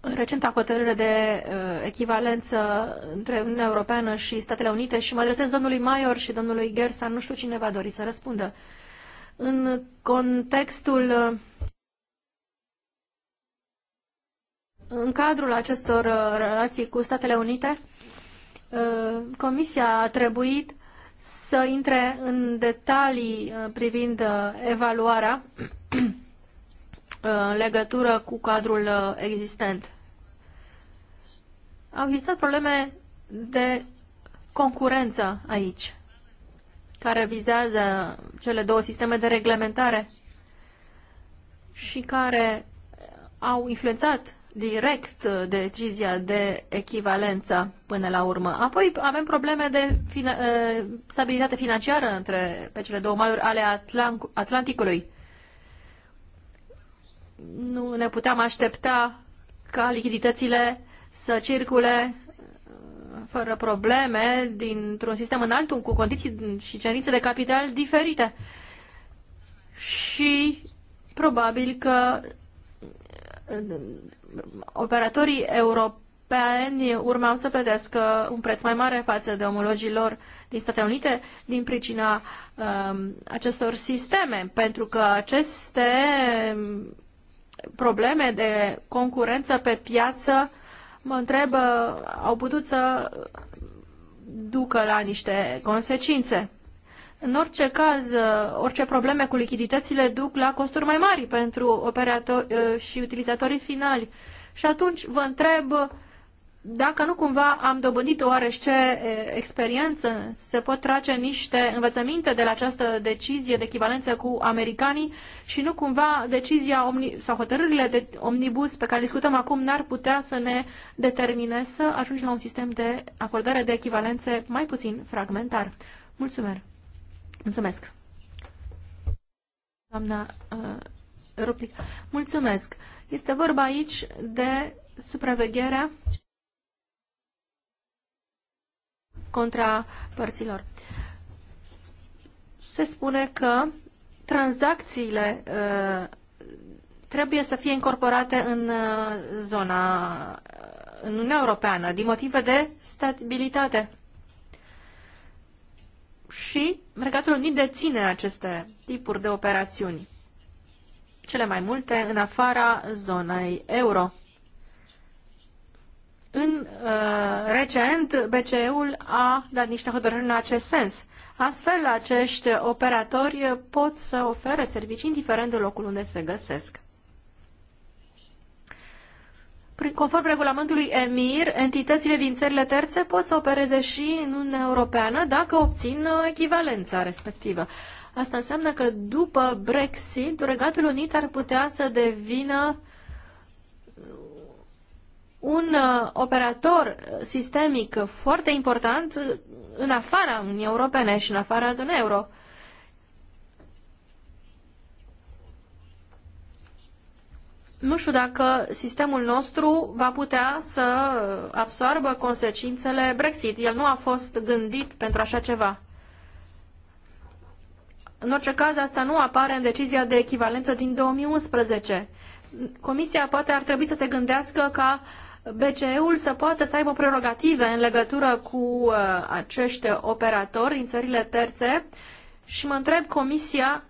recenta hotărâre de uh, echivalență între Uniunea Europeană și Statele Unite și mă adresez domnului Maior și domnului Gersan, nu știu cine va dori să răspundă. În contextul uh, În cadrul acestor uh, relații cu Statele Unite, uh, Comisia a trebuit să intre în detalii uh, privind evaluarea în legătură cu cadrul existent. Au existat probleme de concurență aici, care vizează cele două sisteme de reglementare și care au influențat direct uh, decizia de echivalență până la urmă. Apoi avem probleme de fina uh, stabilitate financiară între, pe cele două maluri ale Atlant Atlanticului. Nu ne puteam aștepta ca lichiditățile să circule uh, fără probleme dintr-un sistem în altul cu condiții și cerințe de capital diferite. Și probabil că operatorii europeni urmau să plătească un preț mai mare față de omologii lor din Statele Unite din pricina um, acestor sisteme, pentru că aceste um, probleme de concurență pe piață, mă întreb, uh, au putut să ducă la niște consecințe. În orice caz, uh, orice probleme cu lichiditățile duc la costuri mai mari pentru operatori uh, și utilizatorii finali. Și atunci vă întreb uh, dacă nu cumva am dobândit ce experiență, se pot trage niște învățăminte de la această decizie de echivalență cu americanii și nu cumva decizia omni, sau hotărârile de omnibus pe care discutăm acum n-ar putea să ne determine să ajungem la un sistem de acordare de echivalențe mai puțin fragmentar. Mulțumesc! Mulțumesc. Doamna uh, Ruptic, mulțumesc. Este vorba aici de supravegherea contra părților. Se spune că tranzacțiile uh, trebuie să fie incorporate în uh, zona, uh, în Uniunea Europeană, din motive de stabilitate și mercatul Unit deține aceste tipuri de operațiuni, cele mai multe în afara zonei euro. În uh, recent, BCE-ul a dat niște hotărâri în acest sens. Astfel, acești operatori pot să ofere servicii indiferent de locul unde se găsesc. Conform regulamentului EMIR, entitățile din țările terțe pot să opereze și în Uniunea Europeană dacă obțin uh, echivalența respectivă. Asta înseamnă că după Brexit, Regatul Unit ar putea să devină un uh, operator sistemic foarte important în afara Uniunii Europene și în afara zonei euro. Nu știu dacă sistemul nostru va putea să absoarbă consecințele Brexit. El nu a fost gândit pentru așa ceva. În orice caz, asta nu apare în decizia de echivalență din 2011. Comisia poate ar trebui să se gândească ca BCE-ul să poată să aibă prerogative în legătură cu uh, acești operatori din țările terțe și mă întreb Comisia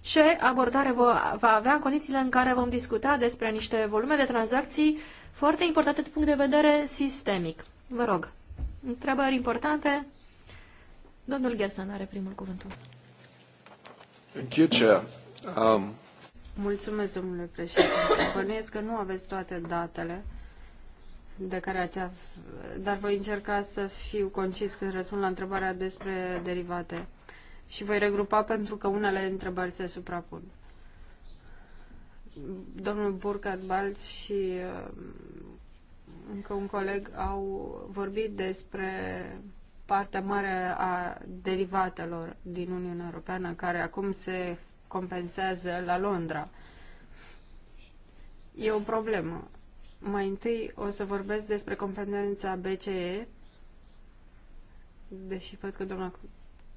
ce abordare va avea în condițiile în care vom discuta despre niște volume de tranzacții foarte importante din punct de vedere sistemic. Vă rog, întrebări importante. Domnul Gerson are primul cuvântul. um... Mulțumesc, domnule președinte. Bănuiesc că nu aveți toate datele de care ați af... dar voi încerca să fiu concis când răspund la întrebarea despre derivate și voi regrupa pentru că unele întrebări se suprapun. Domnul Burkhard Balț și uh, încă un coleg au vorbit despre partea mare a derivatelor din Uniunea Europeană, care acum se compensează la Londra. E o problemă. Mai întâi o să vorbesc despre competența BCE, deși văd că doamna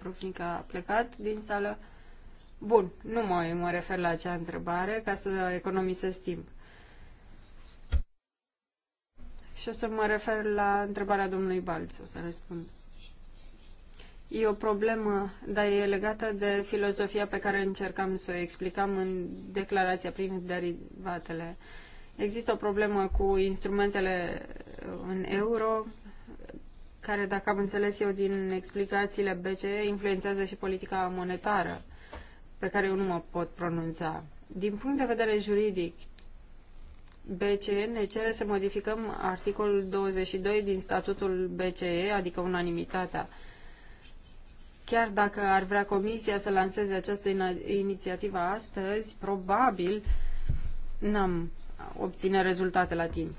Prufnic a plecat din sală. Bun, nu mai mă refer la acea întrebare ca să economisesc timp. Și o să mă refer la întrebarea domnului Balț, o să răspund. E o problemă, dar e legată de filozofia pe care încercam să o explicam în declarația prin derivatele. Există o problemă cu instrumentele uh, în euro care, dacă am înțeles eu din explicațiile BCE, influențează și politica monetară, pe care eu nu mă pot pronunța. Din punct de vedere juridic, BCE ne cere să modificăm articolul 22 din statutul BCE, adică unanimitatea. Chiar dacă ar vrea Comisia să lanseze această inițiativă astăzi, probabil n-am obține rezultate la timp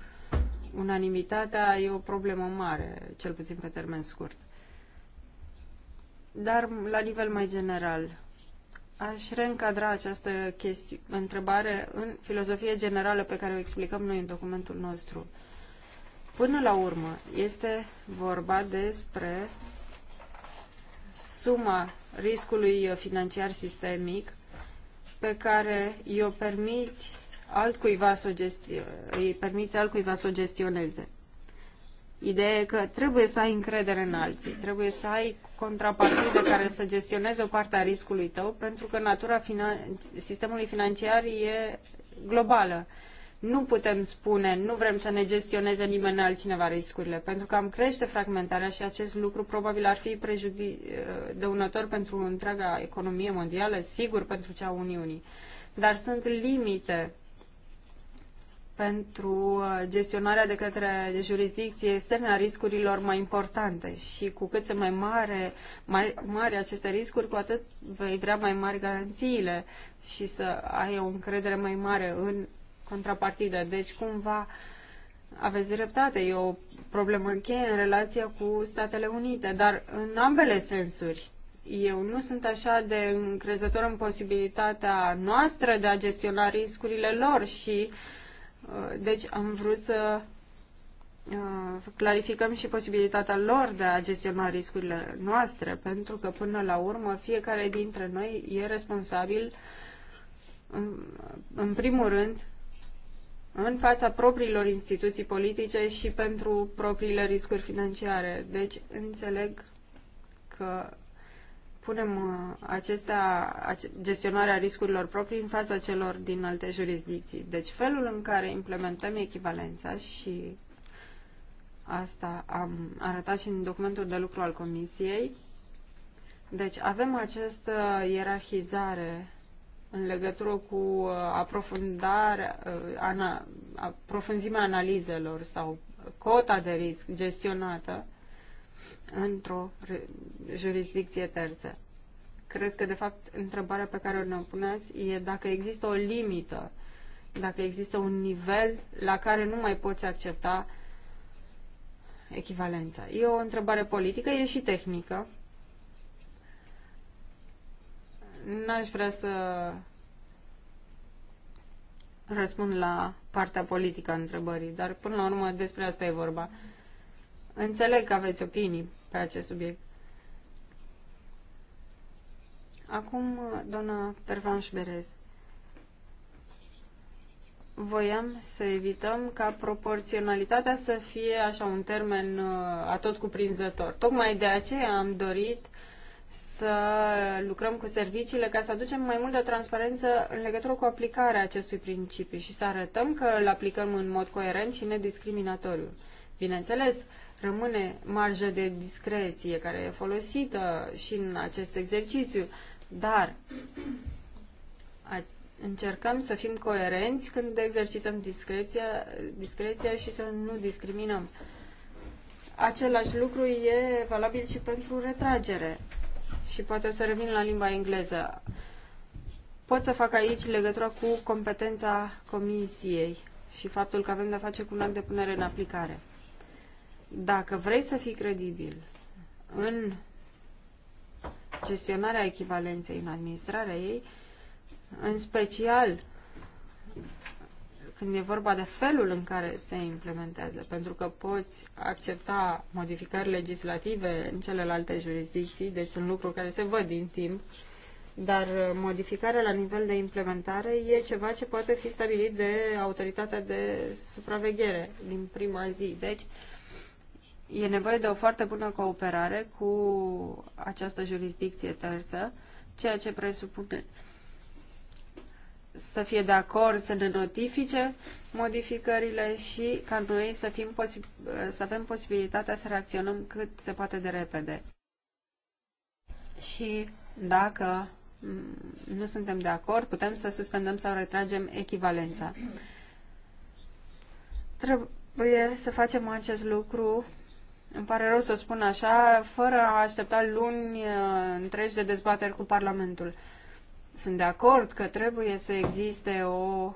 unanimitatea e o problemă mare, cel puțin pe termen scurt. Dar la nivel mai general, aș reîncadra această întrebare în filozofie generală pe care o explicăm noi în documentul nostru. Până la urmă, este vorba despre suma riscului financiar sistemic pe care i-o permiți altcuiva să îi permiți altcuiva să o gestioneze. Ideea e că trebuie să ai încredere în alții, trebuie să ai contrapartide care să gestioneze o parte a riscului tău, pentru că natura finan- sistemului financiar e globală. Nu putem spune, nu vrem să ne gestioneze nimeni altcineva riscurile, pentru că am crește fragmentarea și acest lucru probabil ar fi prejudi- dăunător pentru întreaga economie mondială, sigur pentru cea a Uniunii. Dar sunt limite pentru uh, gestionarea de către de jurisdicție externe a riscurilor mai importante și cu cât sunt mai mare, mai mari aceste riscuri, cu atât vei vrea mai mari garanțiile și să ai o încredere mai mare în contrapartidă. Deci, cumva, aveți dreptate, e o problemă cheie în relația cu Statele Unite, dar în ambele sensuri. Eu nu sunt așa de încrezător în posibilitatea noastră de a gestiona riscurile lor și uh, deci am vrut să uh, clarificăm și posibilitatea lor de a gestiona riscurile noastre, pentru că până la urmă fiecare dintre noi e responsabil în primul rând în fața propriilor instituții politice și pentru propriile riscuri financiare. Deci înțeleg că punem uh, acestea, gestionarea riscurilor proprii în fața celor din alte jurisdicții. Deci felul în care implementăm echivalența și asta am arătat și în documentul de lucru al Comisiei, deci avem această ierarhizare în legătură cu uh, aprofundarea, uh, ana, profunzimea analizelor sau cota de risc gestionată într-o jurisdicție terță. Cred că, de fapt, întrebarea pe care ne-o puneți e dacă există o limită, dacă există un nivel la care nu mai poți accepta echivalența. E o întrebare politică, e și tehnică. N-aș vrea să răspund la partea politică a întrebării, dar până la urmă despre asta e vorba. Înțeleg că aveți opinii pe acest subiect. Acum, doamna Pervanș Berez, voiam să evităm ca proporționalitatea să fie așa un termen uh, atot cuprinzător. Tocmai de aceea am dorit să lucrăm cu serviciile ca să aducem mai multă transparență în legătură cu aplicarea acestui principiu și să arătăm că îl aplicăm în mod coerent și nediscriminatoriu. Bineînțeles, rămâne marja de discreție care e folosită și în acest exercițiu, dar încercăm să fim coerenți când exercităm discreția, discreția și să nu discriminăm. Același lucru e valabil și pentru retragere. Și poate o să revin la limba engleză. Pot să fac aici legătura cu competența comisiei și faptul că avem de-a face cu un act de punere în aplicare. Dacă vrei să fii credibil în gestionarea echivalenței, în administrarea ei, în special când e vorba de felul în care se implementează, pentru că poți accepta modificări legislative în celelalte jurisdicții, deci sunt lucruri care se văd din timp, dar modificarea la nivel de implementare e ceva ce poate fi stabilit de autoritatea de supraveghere din prima zi. Deci, e nevoie de o foarte bună cooperare cu această jurisdicție terță, ceea ce presupune să fie de acord să ne notifice modificările și ca noi să, fim să avem posibilitatea să reacționăm cât se poate de repede. Și dacă mm, nu suntem de acord, putem să suspendăm sau retragem echivalența. Trebuie să facem acest lucru îmi pare rău să spun așa, fără a aștepta luni uh, întregi de dezbateri cu Parlamentul. Sunt de acord că trebuie să existe o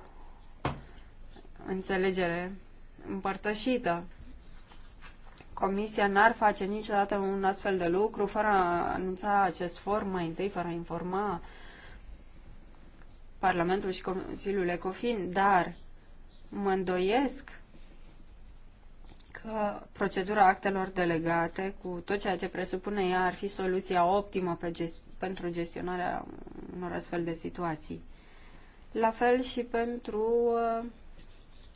înțelegere împărtășită. Comisia n-ar face niciodată un astfel de lucru fără a anunța acest form mai întâi, fără a informa Parlamentul și Consiliul Ecofin, dar mă îndoiesc că procedura actelor delegate, cu tot ceea ce presupune ea, ar fi soluția optimă pe gest- pentru gestionarea unor astfel de situații. La fel și pentru uh,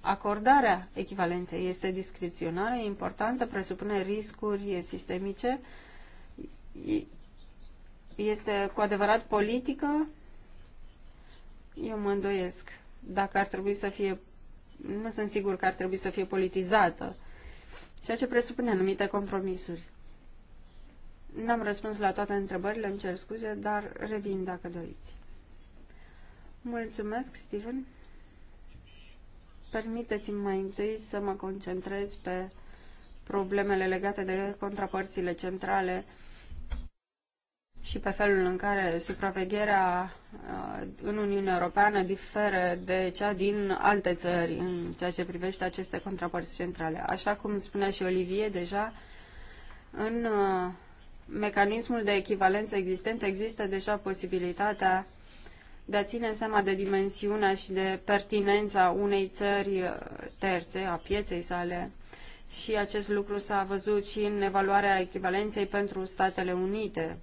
acordarea echivalenței. Este discreționară, e importantă, presupune riscuri sistemice, este cu adevărat politică. Eu mă îndoiesc dacă ar trebui să fie, nu sunt sigur că ar trebui să fie politizată ceea ce presupune anumite compromisuri. N-am răspuns la toate întrebările, îmi cer scuze, dar revin dacă doriți. Mulțumesc, Steven. Permiteți-mi mai întâi să mă concentrez pe problemele legate de contrapărțile centrale și pe felul în care supravegherea uh, în Uniunea Europeană diferă de cea din alte țări în ceea ce privește aceste contrapărți centrale. Așa cum spunea și Olivier deja, în uh, mecanismul de echivalență existent există deja posibilitatea de a ține seama de dimensiunea și de pertinența unei țări uh, terțe, a pieței sale, și acest lucru s-a văzut și în evaluarea echivalenței pentru Statele Unite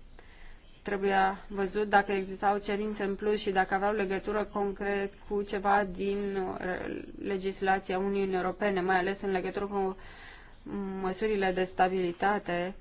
Trebuia văzut dacă existau cerințe în plus și dacă aveau legătură concret cu ceva din uh, legislația Uniunii Europene, mai ales în legătură cu mm, măsurile de stabilitate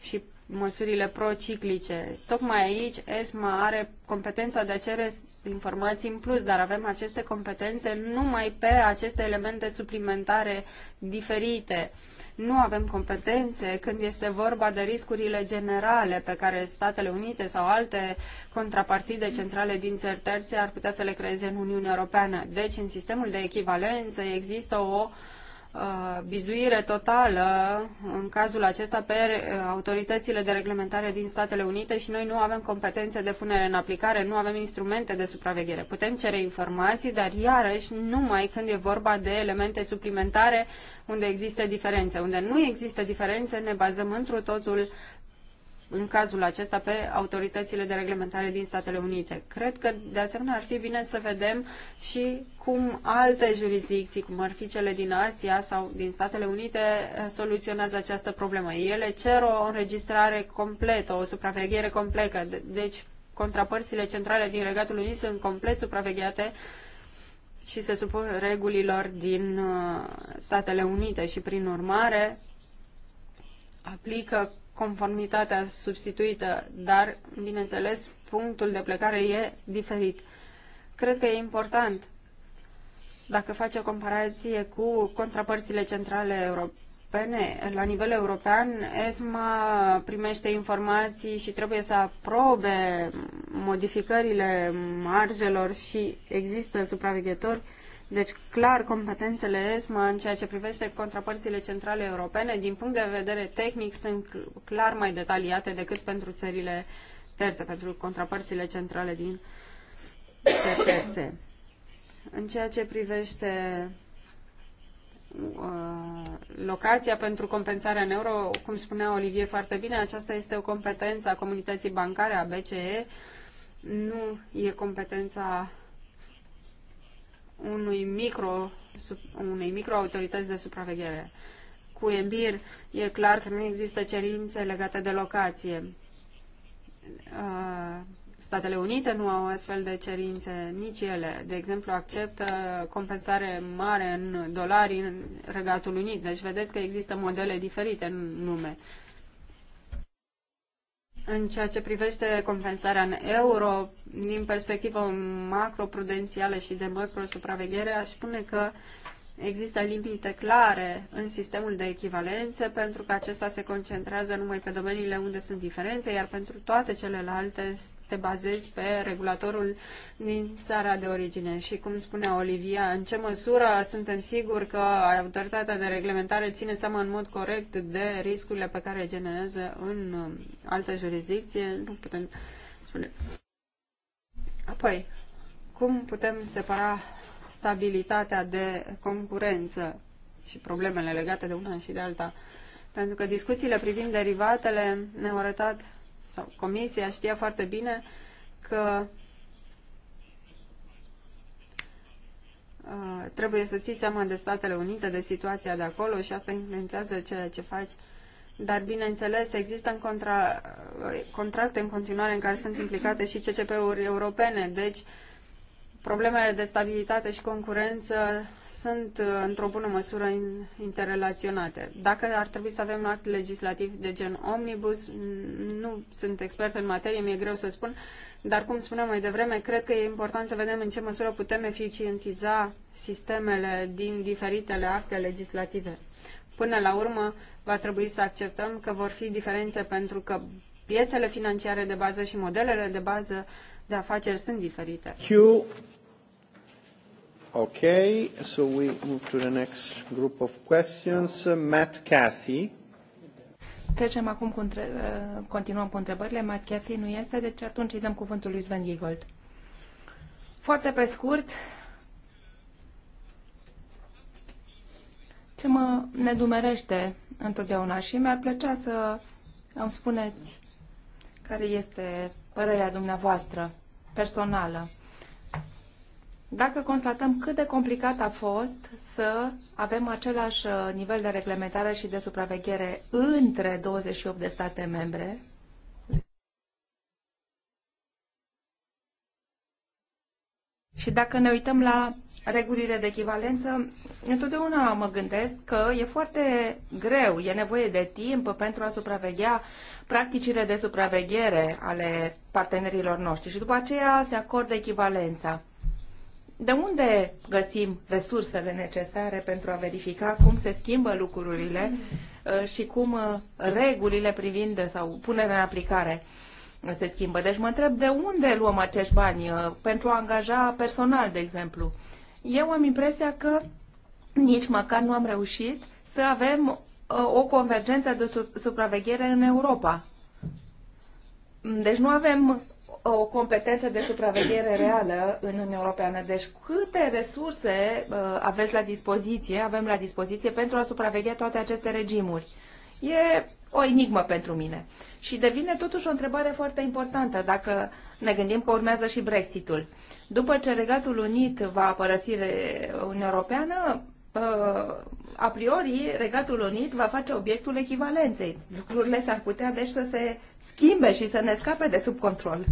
și măsurile prociclice. Tocmai aici ESMA are competența de a cere informații în plus, dar avem aceste competențe numai pe aceste elemente suplimentare diferite. Nu avem competențe când este vorba de riscurile generale pe care Statele Unite sau alte contrapartide centrale din țări terțe ar putea să le creeze în Uniunea Europeană. Deci, în sistemul de echivalență există o uh, Uh, bizuire totală în cazul acesta pe uh, autoritățile de reglementare din Statele Unite și noi nu avem competențe de punere în aplicare, nu avem instrumente de supraveghere. Putem cere informații, dar iarăși numai când e vorba de elemente suplimentare unde există diferențe. Unde nu există diferențe, ne bazăm întru totul în cazul acesta pe autoritățile de reglementare din Statele Unite. Cred că, de asemenea, ar fi bine să vedem și cum alte jurisdicții, cum ar fi cele din Asia sau din Statele Unite, eh, soluționează această problemă. Ele cer o înregistrare completă, o supraveghere completă. Deci, contrapărțile centrale din Regatul Unit sunt complet supravegheate și se supun regulilor din eh, Statele Unite și, prin urmare, aplică conformitatea substituită, dar, bineînțeles, punctul de plecare e diferit. Cred că e important, dacă face o comparație cu contrapărțile centrale europene, la nivel european, ESMA primește informații și trebuie să aprobe modificările marjelor și există supraveghetori deci, clar, competențele ESMA în ceea ce privește contrapărțile centrale europene, din punct de vedere tehnic, sunt clar mai detaliate decât pentru țările terțe, pentru contrapărțile centrale din terțe. În ceea ce privește uh, locația pentru compensarea în euro, cum spunea Olivier foarte bine, aceasta este o competență a comunității bancare, a BCE, nu e competența unui micro, unei microautorități de supraveghere. Cu EMBIR e clar că nu există cerințe legate de locație. Uh, Statele Unite nu au astfel de cerințe, nici ele. De exemplu, acceptă compensare mare în dolari în Regatul Unit. Deci vedeți că există modele diferite în lume. În ceea ce privește compensarea în euro, din perspectivă macroprudențială și de macro-supraveghere, aș spune că Există limite clare în sistemul de echivalențe pentru că acesta se concentrează numai pe domeniile unde sunt diferențe, iar pentru toate celelalte te bazezi pe regulatorul din țara de origine. Și cum spunea Olivia, în ce măsură suntem siguri că autoritatea de reglementare ține seama în mod corect de riscurile pe care generează în um, altă jurisdicție? Nu putem spune. Apoi, cum putem separa stabilitatea de concurență și problemele legate de una și de alta. Pentru că discuțiile privind derivatele ne-au arătat, sau Comisia știa foarte bine, că uh, trebuie să ții seama de Statele Unite, de situația de acolo și asta influențează ceea ce faci. Dar, bineînțeles, există în contra, uh, contracte în continuare în care sunt implicate și CCP-uri europene, deci uh, problemele de stabilitate și concurență sunt uh, într-o bună măsură interrelaționate. Dacă ar trebui să avem un act legislativ de gen omnibus, nu sunt expert în materie, mi-e greu să spun, dar cum spuneam mai devreme, cred că e important să vedem în ce măsură putem eficientiza sistemele din diferitele acte legislative. Până la urmă, va trebui să acceptăm că vor fi diferențe pentru că piețele financiare de bază și modelele de bază de afaceri sunt diferite. Okay, so we move to the next group of questions. Uh, Matt Cathy. Trecem acum cu între... Uh, continuăm cu întrebările. Matt Cathy nu este, deci atunci îi dăm cuvântul lui Sven Giegold. Foarte pe scurt, ce mă nedumerește întotdeauna și mi-ar plăcea să îmi spuneți care este părerea dumneavoastră personală dacă constatăm cât de complicat a fost să avem același uh, nivel de reglementare și de supraveghere între 28 de state membre, Și dacă ne uităm la regulile de echivalență, întotdeauna mă gândesc că e foarte greu, e nevoie de timp pentru a supraveghea practicile de supraveghere ale partenerilor noștri și după aceea se acordă echivalența de unde găsim resursele necesare pentru a verifica cum se schimbă lucrurile uh, și cum uh, regulile privind sau punerea în aplicare uh, se schimbă. Deci mă întreb de unde luăm acești bani pentru a angaja personal, de exemplu. Eu am impresia că nici măcar nu am reușit să avem o convergență de supraveghere în Europa. Deci nu avem o competență de supraveghere reală în Uniunea Europeană. Deci câte resurse uh, aveți la dispoziție, avem la dispoziție pentru a supraveghea toate aceste regimuri? E o enigmă pentru mine. Și devine totuși o întrebare foarte importantă dacă ne gândim că urmează și Brexitul. După ce Regatul Unit va părăsi Uniunea Europeană, uh, a priori, Regatul Unit va face obiectul echivalenței. Lucrurile s-ar putea deci să se schimbe și să ne scape de sub control.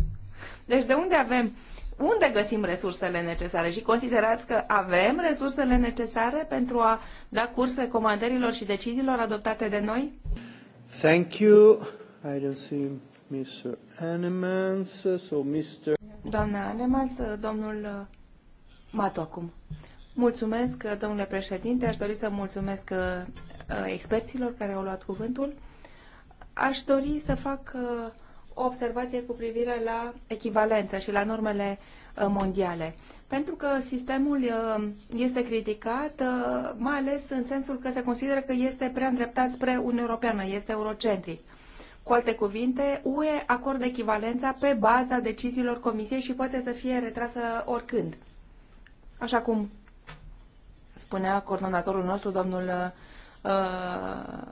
Deci de unde avem, unde găsim resursele necesare și considerați că avem resursele necesare pentru a da curs recomandărilor și deciziilor adoptate de noi? Thank you. I don't see Mr. Anemans, so Mr. Doamna Anemans, domnul Matu acum. Mulțumesc, domnule președinte. Aș dori să mulțumesc uh, experților care au luat cuvântul. Aș dori să fac uh, o observație cu privire la echivalență și la normele uh, mondiale. Pentru că sistemul uh, este criticat, uh, mai ales în sensul că se consideră că este prea îndreptat spre Uniunea Europeană, este eurocentric. Cu alte cuvinte, UE acordă echivalența pe baza deciziilor Comisiei și poate să fie retrasă oricând. Așa cum spunea coordonatorul nostru, domnul uh,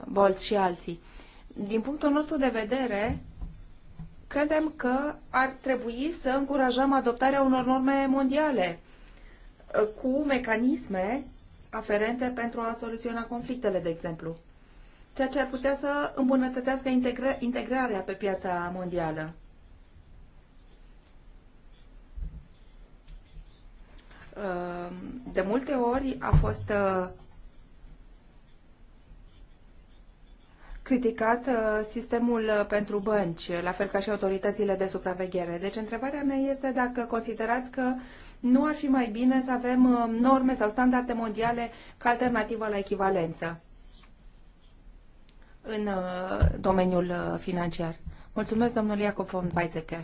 Bolț și alții. Din punctul nostru de vedere, Credem că ar trebui să încurajăm adoptarea unor norme mondiale uh, cu mecanisme aferente pentru a soluționa conflictele, de exemplu, ceea ce ar putea să îmbunătățească integra- integrarea pe piața mondială. Uh, de multe ori a fost uh, criticat uh, sistemul uh, pentru bănci, la fel ca și autoritățile de supraveghere. Deci întrebarea mea este dacă considerați că nu ar fi mai bine să avem uh, norme sau standarde mondiale ca alternativă la echivalență în domeniul financiar. Mulțumesc, domnul Iacob von Weizsäcker.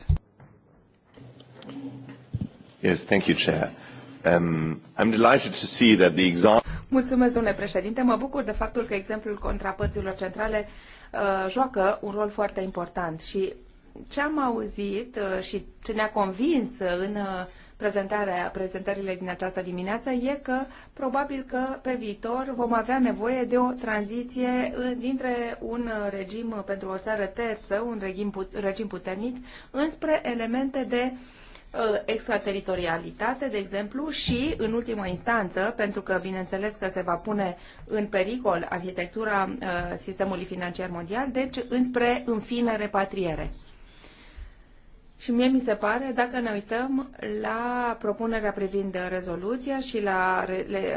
Yes, thank you, Chair. Um, I'm delighted to see that the example... Mulțumesc, domnule președinte. Mă bucur de faptul că exemplul contrapărților centrale uh, joacă un rol foarte important și ce am auzit uh, și ce ne-a convins în uh, prezentarea, prezentările din această dimineață e că probabil că pe viitor vom avea nevoie de o tranziție dintre un regim pentru o țară terță, un regim, regim puternic, înspre elemente de uh, Uh, extrateritorialitate, de exemplu, și, în ultimă instanță, pentru că, bineînțeles, că se va pune în pericol arhitectura uh, sistemului financiar mondial, deci înspre, în fine, repatriere. Și mie mi se pare, dacă ne uităm la propunerea privind rezoluția și la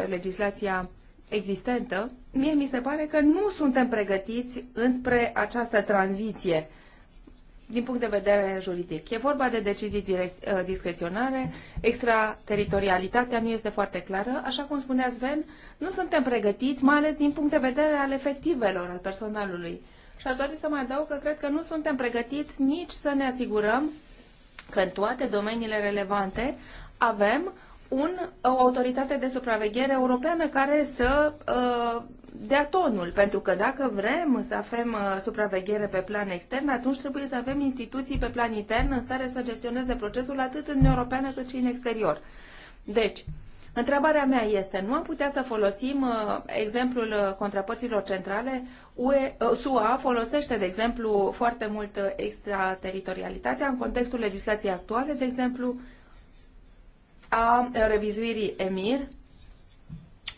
legislația existentă, mie mi se pare că nu suntem pregătiți înspre această tranziție uh, din punct de vedere juridic. E vorba de decizii direct, uh, discreționare, extrateritorialitatea nu este foarte clară. Așa cum spunea Sven, nu suntem pregătiți, mai ales din punct de vedere al efectivelor, al personalului. Și aș dori să mai adaug că cred că nu suntem pregătiți nici să ne asigurăm că în toate domeniile relevante avem un, o autoritate de supraveghere europeană care să uh, dea tonul, pentru că dacă vrem să avem uh, supraveghere pe plan extern, atunci trebuie să avem instituții pe plan intern în stare să gestioneze procesul atât în Europeană cât și în exterior. Deci, întrebarea mea este, nu am putea să folosim uh, exemplul uh, contrapărților centrale? UE, uh, SUA folosește, de exemplu, foarte mult uh, extrateritorialitatea în contextul legislației actuale, de exemplu, a revizuirii EMIR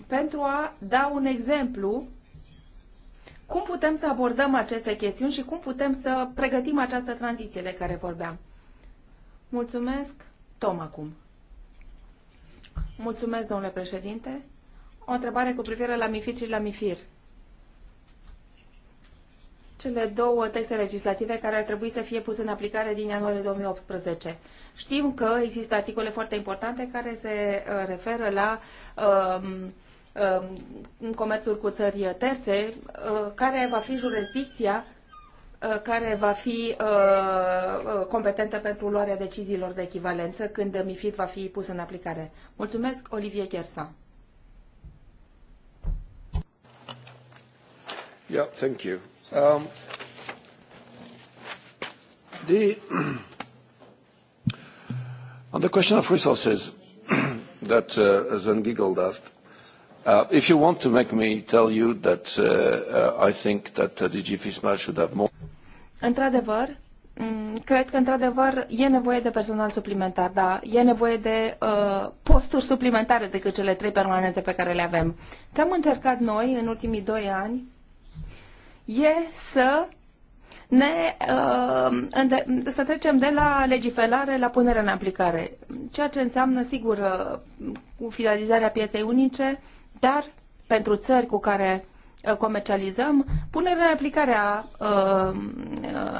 pentru a da un exemplu cum putem să abordăm aceste chestiuni și cum putem să pregătim această tranziție de care vorbeam. Mulțumesc, Tom, acum. Mulțumesc, domnule președinte. O întrebare cu privire la MIFID și la MIFIR. Cele două texte legislative care ar trebui să fie puse în aplicare din ianuarie 2018. Știm că există articole foarte importante care se uh, referă la um, um, comerțul cu țări terțe, uh, care va fi jurisdicția uh, care va fi uh, uh, competentă pentru luarea deciziilor de echivalență când MIFID va fi pus în aplicare. Mulțumesc, Olivier Chersa. Yeah, thank you. Um, the On the question of resources that uh, Sven Giegold asked, uh, if you want to make me tell you that uh, uh I think that uh, DG FISMA should have more... Într-adevăr, mm, cred că într-adevăr e nevoie de personal suplimentar, da, e nevoie de uh, posturi suplimentare decât cele trei permanente pe care le avem. Ce am încercat noi în ultimii doi ani e să ne, uh, să trecem de la legiferare la punerea în aplicare, ceea ce înseamnă, sigur, uh, finalizarea pieței unice, dar pentru țări cu care uh, comercializăm, punerea în aplicare a,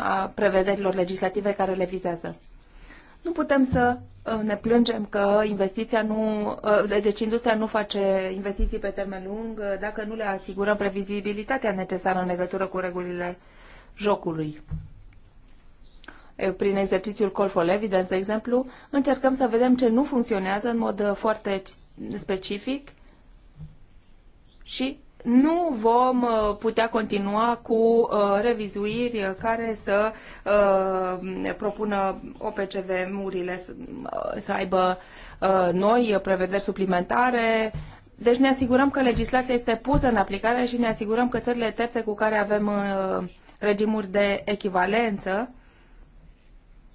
a prevederilor legislative care le vizează. Nu putem să ne plângem că investiția nu, deci industria nu face investiții pe termen lung dacă nu le asigurăm previzibilitatea necesară în legătură cu regulile jocului. Prin exercițiul Call for Evidence, de exemplu, încercăm să vedem ce nu funcționează în mod uh, foarte specific și nu vom uh, putea continua cu uh, revizuiri care să propună OPCV-urile să aibă noi prevederi suplimentare. Deci ne asigurăm că legislația este pusă în aplicare și ne asigurăm că țările terțe cu care avem regimuri de echivalență,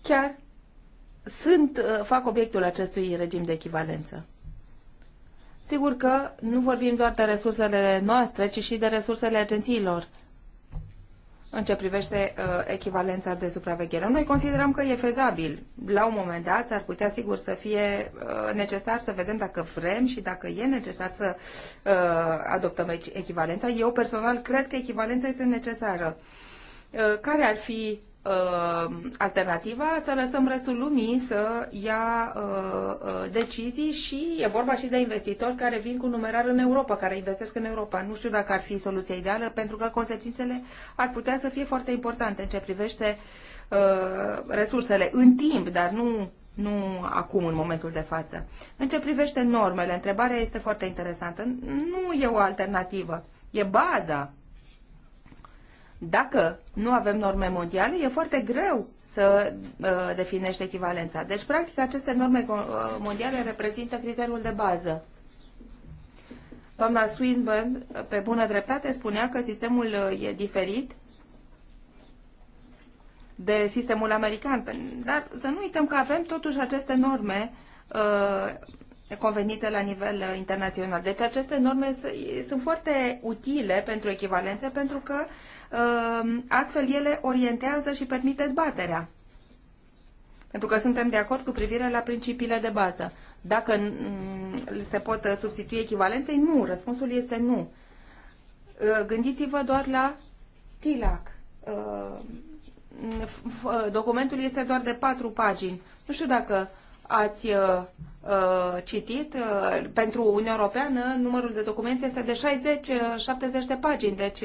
chiar sunt, uh, fac obiectul acestui regim de echivalență. Sigur că nu vorbim doar de resursele noastre, ci și de resursele agențiilor în ce privește uh, echivalența de supraveghere. Noi considerăm că e fezabil. La un moment dat ar putea sigur să fie uh, necesar să vedem dacă vrem și dacă e necesar să uh, adoptăm echivalența. Eu personal cred că echivalența este necesară. Uh, Uh, care ar fi uh, alternativa? Să lăsăm restul lumii să ia uh, decizii și e vorba și de investitori care vin cu numerar în Europa, care investesc în Europa. Nu știu dacă ar fi soluția ideală, pentru că consecințele ar putea să fie foarte importante în ce privește resursele în timp, dar nu nu acum, în momentul de față. În ce privește normele, întrebarea este foarte interesantă. Nu e o alternativă, e baza dacă nu avem norme mondiale, e foarte greu să uh, definești echivalența. Deci, practic, aceste norme uh, mondiale reprezintă criteriul de bază. Doamna Swinburne, pe bună dreptate, spunea că sistemul uh, e diferit de sistemul american. Dar să nu uităm că avem totuși aceste norme uh, convenite la nivel internațional. Deci aceste norme sunt foarte utile pentru echivalențe pentru că Ehm, astfel ele orientează și permit dezbaterea. Pentru că suntem de acord cu privire la principiile de bază. Dacă mm, se pot uh, substitui echivalenței, nu. Răspunsul este nu. Ehm, gândiți-vă doar la TILAC. Ehm, documentul este doar de patru pagini. Nu știu dacă ați uh, uh, citit, pentru Uniunea Europeană numărul de documente este de 60-70 de pagini, deci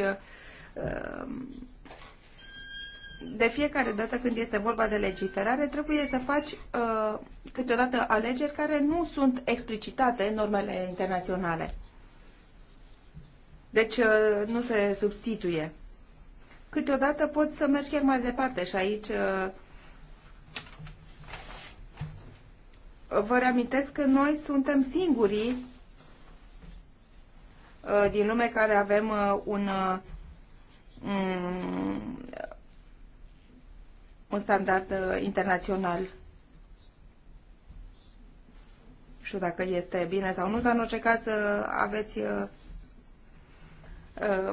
Ehm, de fiecare dată când este vorba de legiferare, trebuie să faci uh, câteodată alegeri care nu sunt explicitate în normele internaționale. Deci uh, nu se substituie. Câteodată poți să mergi chiar mai departe și aici uh, vă reamintesc că noi suntem singurii uh, din lume care avem uh, un uh, Mm, un standard uh, internațional. Nu știu dacă este bine sau nu, dar în orice caz uh, aveți uh,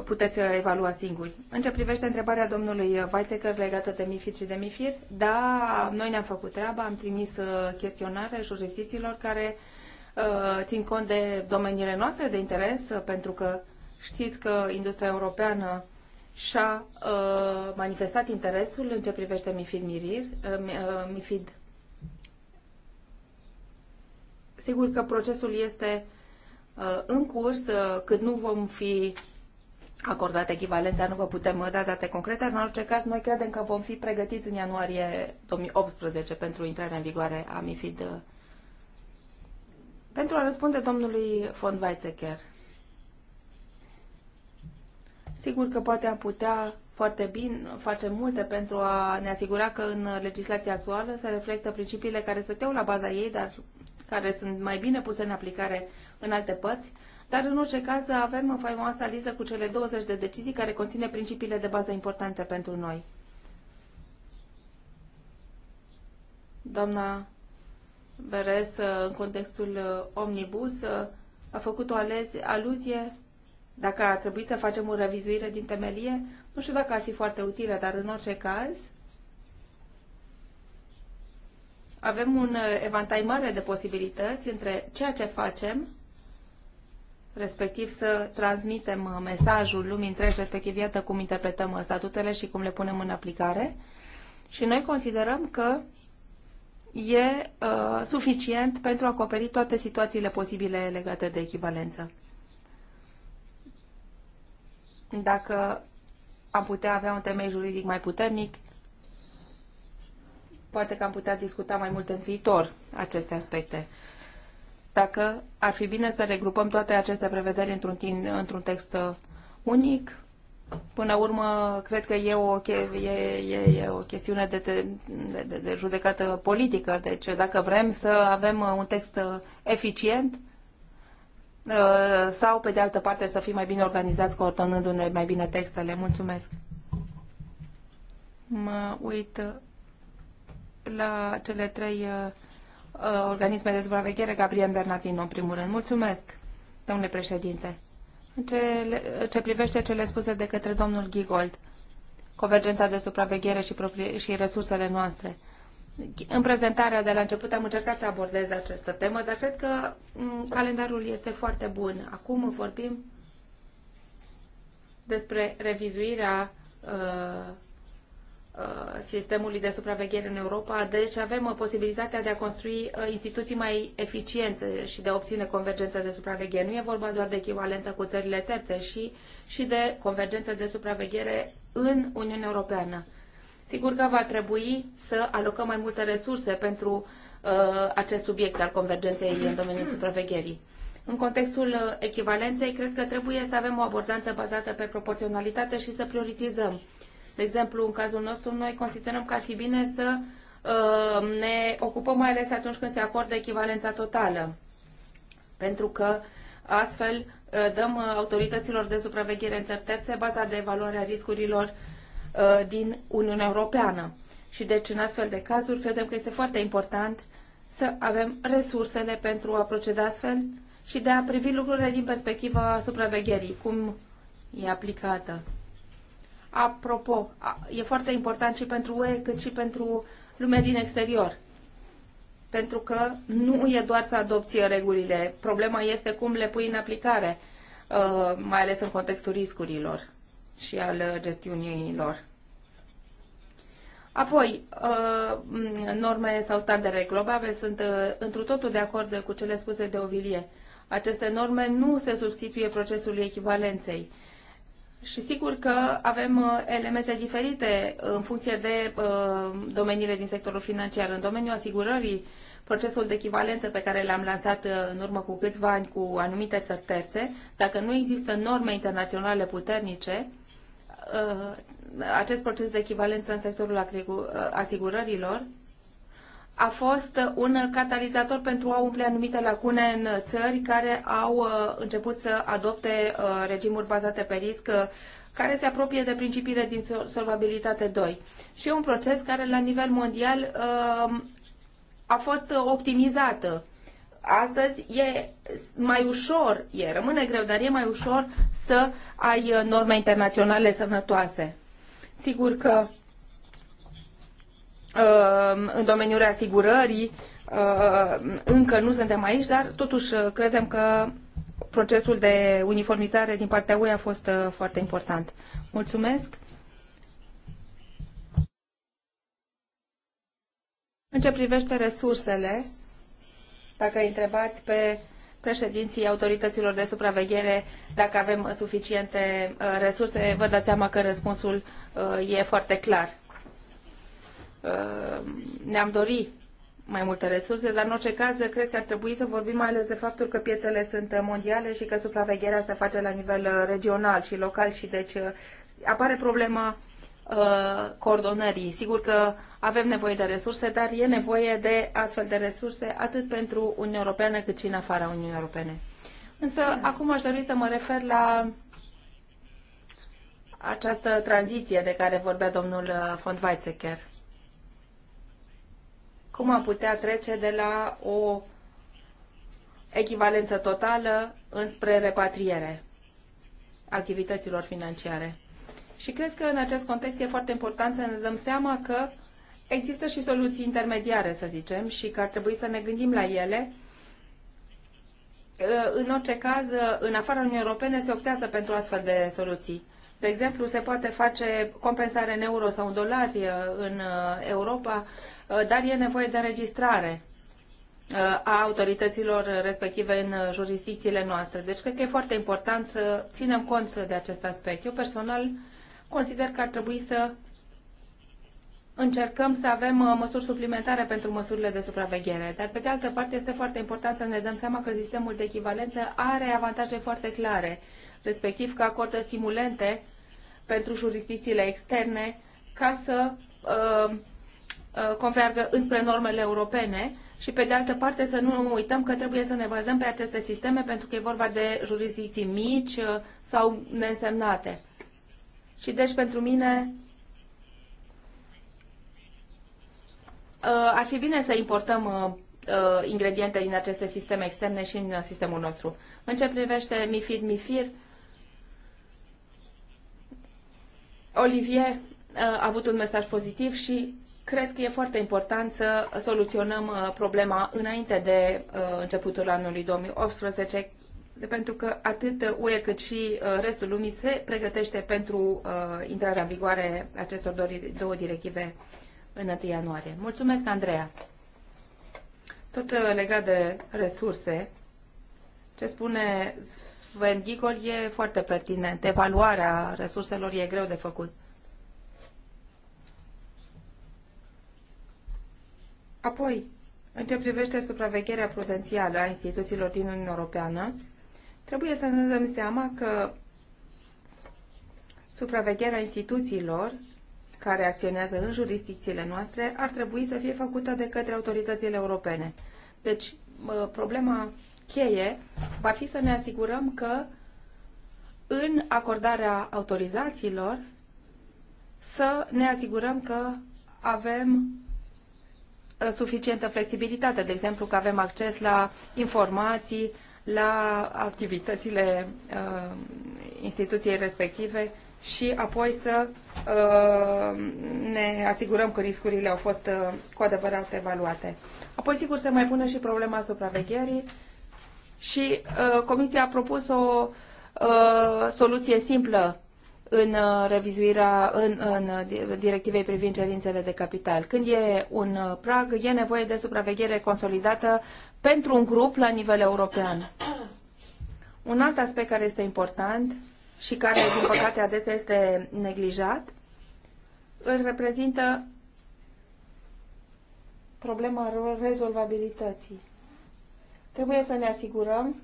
puteți evalua singuri. În ce privește întrebarea domnului Weitecker legată de MIFID și de MIFIR, da, noi ne-am făcut treaba, am trimis chestionare jurisdicțiilor care țin cont de domeniile noastre de interes, pentru că știți că industria europeană și-a uh, manifestat interesul în ce privește MIFID Mirir, uh, uh, MIFID. Sigur că procesul este uh, în curs, uh, cât nu vom fi acordate echivalența, nu vă putem uh, da date concrete. În orice caz, noi credem că vom fi pregătiți în ianuarie 2018 pentru intrarea în vigoare a MIFID. Uh. Pentru a răspunde domnului von Weizsäcker. Sigur că poate am putea foarte bine, face multe pentru a ne asigura că în legislația actuală se reflectă principiile care stăteau la baza ei, dar care sunt mai bine puse în aplicare în alte părți. Dar în orice caz avem faimoasa listă cu cele 20 de decizii care conține principiile de bază importante pentru noi. Doamna Beres, în contextul uh, Omnibus, uh, a făcut o aluzie dacă ar trebui să facem o revizuire din temelie, nu știu dacă ar fi foarte utilă, dar în orice caz avem un uh, evantai mare de posibilități între ceea ce facem, respectiv să transmitem uh, mesajul lumii întregi, respectiv iată cum interpretăm uh, statutele și cum le punem în aplicare. Și noi considerăm că e uh, suficient pentru a acoperi toate situațiile posibile legate de echivalență dacă am putea avea un temei juridic mai puternic, poate că am putea discuta mai mult în viitor aceste aspecte. Dacă ar fi bine să regrupăm toate aceste prevederi într-un, într-un text unic, până urmă, cred că e o, e, e, e o chestiune de, de, de, de judecată politică. Deci, dacă vrem să avem un text eficient, Uh, sau, pe de altă parte, să fim mai bine organizați coordonându-ne mai bine textele. Mulțumesc! Mă uit la cele trei uh, uh, organisme de supraveghere, Gabriel Bernardino, în primul rând. Mulțumesc, domnule președinte. Ce, ce privește cele spuse de către domnul Gigold, convergența de supraveghere și, proprie, și resursele noastre. În prezentarea de la început am încercat să abordez această temă, dar cred că calendarul este foarte bun. Acum vorbim despre revizuirea uh, uh sistemului de supraveghere în Europa, deci avem uh, posibilitatea de a construi uh, instituții mai eficiente și de a obține convergență de supraveghere. Nu e vorba doar de echivalență cu țările terțe, și, și de convergență de supraveghere în Uniunea Europeană. Sigur că va trebui să alocăm mai multe resurse pentru uh, acest subiect al convergenței în domeniul mm. supravegherii. În contextul uh, echivalenței, cred că trebuie să avem o abordanță bazată pe proporționalitate și să prioritizăm. De exemplu, în cazul nostru, noi considerăm că ar fi bine să uh, ne ocupăm mai ales atunci când se acordă echivalența totală, pentru că astfel uh, dăm uh, autorităților de supraveghere în terțe baza de evaluare a riscurilor uh, Uh, din Uniunea Europeană. Și deci, în astfel de cazuri, credem că este foarte important să avem resursele pentru a proceda astfel și de a privi lucrurile din perspectiva supravegherii, cum e aplicată. Apropo, e foarte important și pentru UE, cât și pentru lumea din exterior. Pentru că nu e doar să adopți regulile, problema este cum le pui în aplicare, uh, mai ales în contextul riscurilor și al uh, gestiunii lor. Apoi, uh, mm, norme sau standarde globale sunt uh, întru totul de acord cu cele spuse de Ovilie. Aceste norme nu se substituie procesului echivalenței. Și sigur că avem uh, elemente diferite în funcție de domeniile din sectorul financiar. În domeniul asigurării, procesul de echivalență pe care l-am lansat în urmă cu câțiva ani cu anumite țări terțe, dacă nu există norme internaționale puternice, Uh, acest proces de echivalență în sectorul uh, asigurărilor a fost un catalizator pentru a umple anumite lacune în țări care au uh, început să adopte regimuri bazate pe risc care se apropie de principiile din solvabilitate 2. Și e un proces care la nivel mondial a fost optimizată astăzi e mai ușor, e, rămâne greu, dar e mai ușor să ai uh, norme internaționale sănătoase. Sigur că uh, în domeniul asigurării uh, încă nu suntem aici, dar totuși credem că procesul de uniformizare din partea UE a fost foarte important. Mulțumesc! În ce privește resursele, dacă întrebați pe președinții autorităților de supraveghere dacă avem suficiente uh, resurse, vă dați seama că răspunsul uh, e foarte clar. Uh, ne-am dorit mai multe resurse, dar în orice caz cred că ar trebui să vorbim mai ales de faptul că piețele sunt mondiale și că supravegherea se face la nivel regional și local și deci apare problema Uh, coordonării. Sigur că avem nevoie de resurse, dar e nevoie de astfel de resurse atât pentru Uniunea Europeană cât și în afara Uniunii Europene. Însă acum aș dori să mă refer la această tranziție de care vorbea domnul uh, von Weizsäcker. Cum am putea trece de la o echivalență totală înspre repatriere activităților financiare? Și cred că în acest context e foarte important să ne dăm seama că există și soluții intermediare, să zicem, și că ar trebui să ne gândim la ele. Ă, în orice caz, în afara Uniunii Europene se optează pentru astfel de soluții. De exemplu, se poate face compensare în euro sau în dolari ă, în ă, Europa, dar e nevoie de înregistrare a autorităților respective în jurisdicțiile noastre. Deci cred că e foarte important să ținem cont de acest aspect. Eu personal consider că ar trebui să încercăm să avem uh, măsuri suplimentare pentru măsurile de supraveghere. Dar, pe de altă parte, este foarte important să ne dăm seama că sistemul de echivalență are avantaje foarte clare, respectiv că acordă stimulente pentru jurisdicțiile externe ca să uh, uh, convergă înspre normele europene și, pe de altă parte, să nu uităm că trebuie să ne bazăm pe aceste sisteme pentru că e vorba de jurisdicții mici uh, sau neînsemnate. Și deci pentru mine uh, ar fi bine să importăm uh, uh, ingrediente din aceste sisteme externe și în sistemul nostru. În ce privește MIFID, MIFIR, Olivier a avut un mesaj pozitiv și cred că e foarte important să soluționăm problema înainte de începutul anului 2018, pentru că atât UE cât și uh, restul lumii se pregătește pentru uh, intrarea în vigoare acestor două directive în 1 ianuarie. Mulțumesc, Andreea! Tot uh, legat de resurse, ce spune Sven Gigol e foarte pertinent. Evaluarea resurselor e greu de făcut. Apoi, în ce privește supravegherea prudențială a instituțiilor din Uniunea Europeană, Trebuie să ne dăm seama că supravegherea instituțiilor care acționează în jurisdicțiile noastre ar trebui să fie făcută de către autoritățile europene. Deci, problema cheie va fi să ne asigurăm că în acordarea autorizațiilor să ne asigurăm că avem ă, suficientă flexibilitate, de exemplu că avem acces la informații la activitățile uh, instituției respective și apoi să uh, ne asigurăm că riscurile au fost uh, cu adevărat evaluate. Apoi, sigur, se mai pune și problema supravegherii și uh, Comisia a propus o uh, soluție simplă în uh, revizuirea în, în uh, directivei privind cerințele de capital. Când e un uh, prag, e nevoie de supraveghere consolidată pentru un grup la nivel european. Un alt aspect care este important și care, din păcate, adesea este neglijat, îl reprezintă problema rezolvabilității. Trebuie să ne asigurăm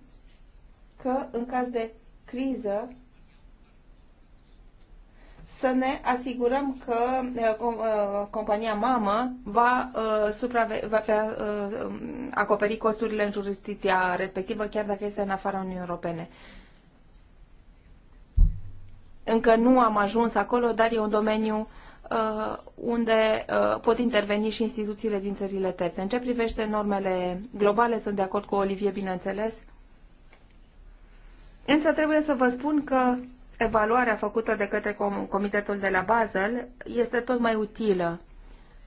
că, în caz de criză, să ne asigurăm că uh, uh, compania mamă va, uh, suprave- va acoperi costurile în jurisdicția respectivă, chiar dacă este în afara Uniunii Europene. Încă nu am ajuns acolo, dar e un domeniu unde pot interveni și instituțiile din țările terțe. În ce privește normele globale, sunt de acord cu Olivier, bineînțeles. Însă trebuie să vă spun că evaluarea făcută de către Comitetul de la Basel este tot mai utilă,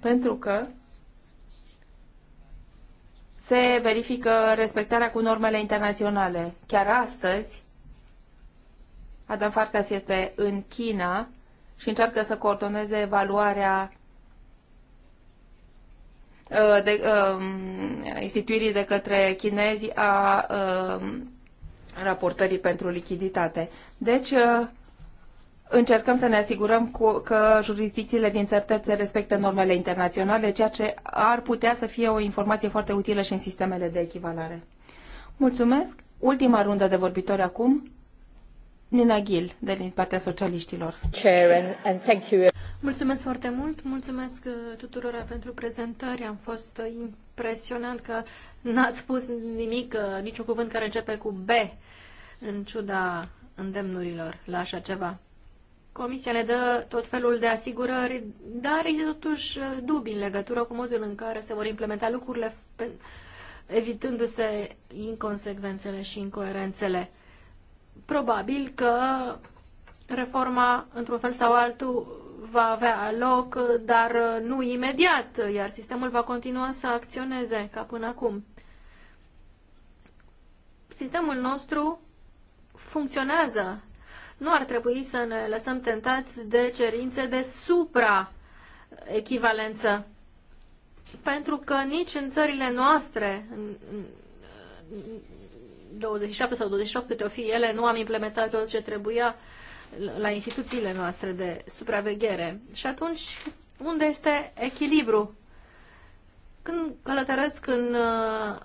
pentru că se verifică respectarea cu normele internaționale. Chiar astăzi, Adam Farkas este în China și încearcă să coordoneze evaluarea uh, de, um, instituirii de către chinezi a um, raportării pentru lichiditate. Deci, uh, încercăm să ne asigurăm cu, că jurisdicțiile din țărtețe respectă normele internaționale, ceea ce ar putea să fie o informație foarte utilă și în sistemele de echivalare. Mulțumesc! Ultima rundă de vorbitori acum. Nina de din partea socialiștilor. Chair and, thank you. Mulțumesc foarte mult, mulțumesc uh, tuturora pentru prezentări. Am fost uh, impresionant că n-ați spus nimic, uh, niciun cuvânt care începe cu B, în ciuda îndemnurilor la așa ceva. Comisia ne dă tot felul de asigurări, dar există totuși dubii în legătură cu modul în care se vor implementa lucrurile, evitându-se inconsecvențele și incoerențele probabil că reforma, într-un fel sau altul, va avea loc, dar nu imediat, iar sistemul va continua să acționeze ca până acum. Sistemul nostru funcționează. Nu ar trebui să ne lăsăm tentați de cerințe de supra-echivalență, pentru că nici în țările noastre, 27 sau 28 câte o fi ele, nu am implementat tot ce trebuia la instituțiile noastre de supraveghere. Și atunci, unde este echilibru? Când călătoresc în uh,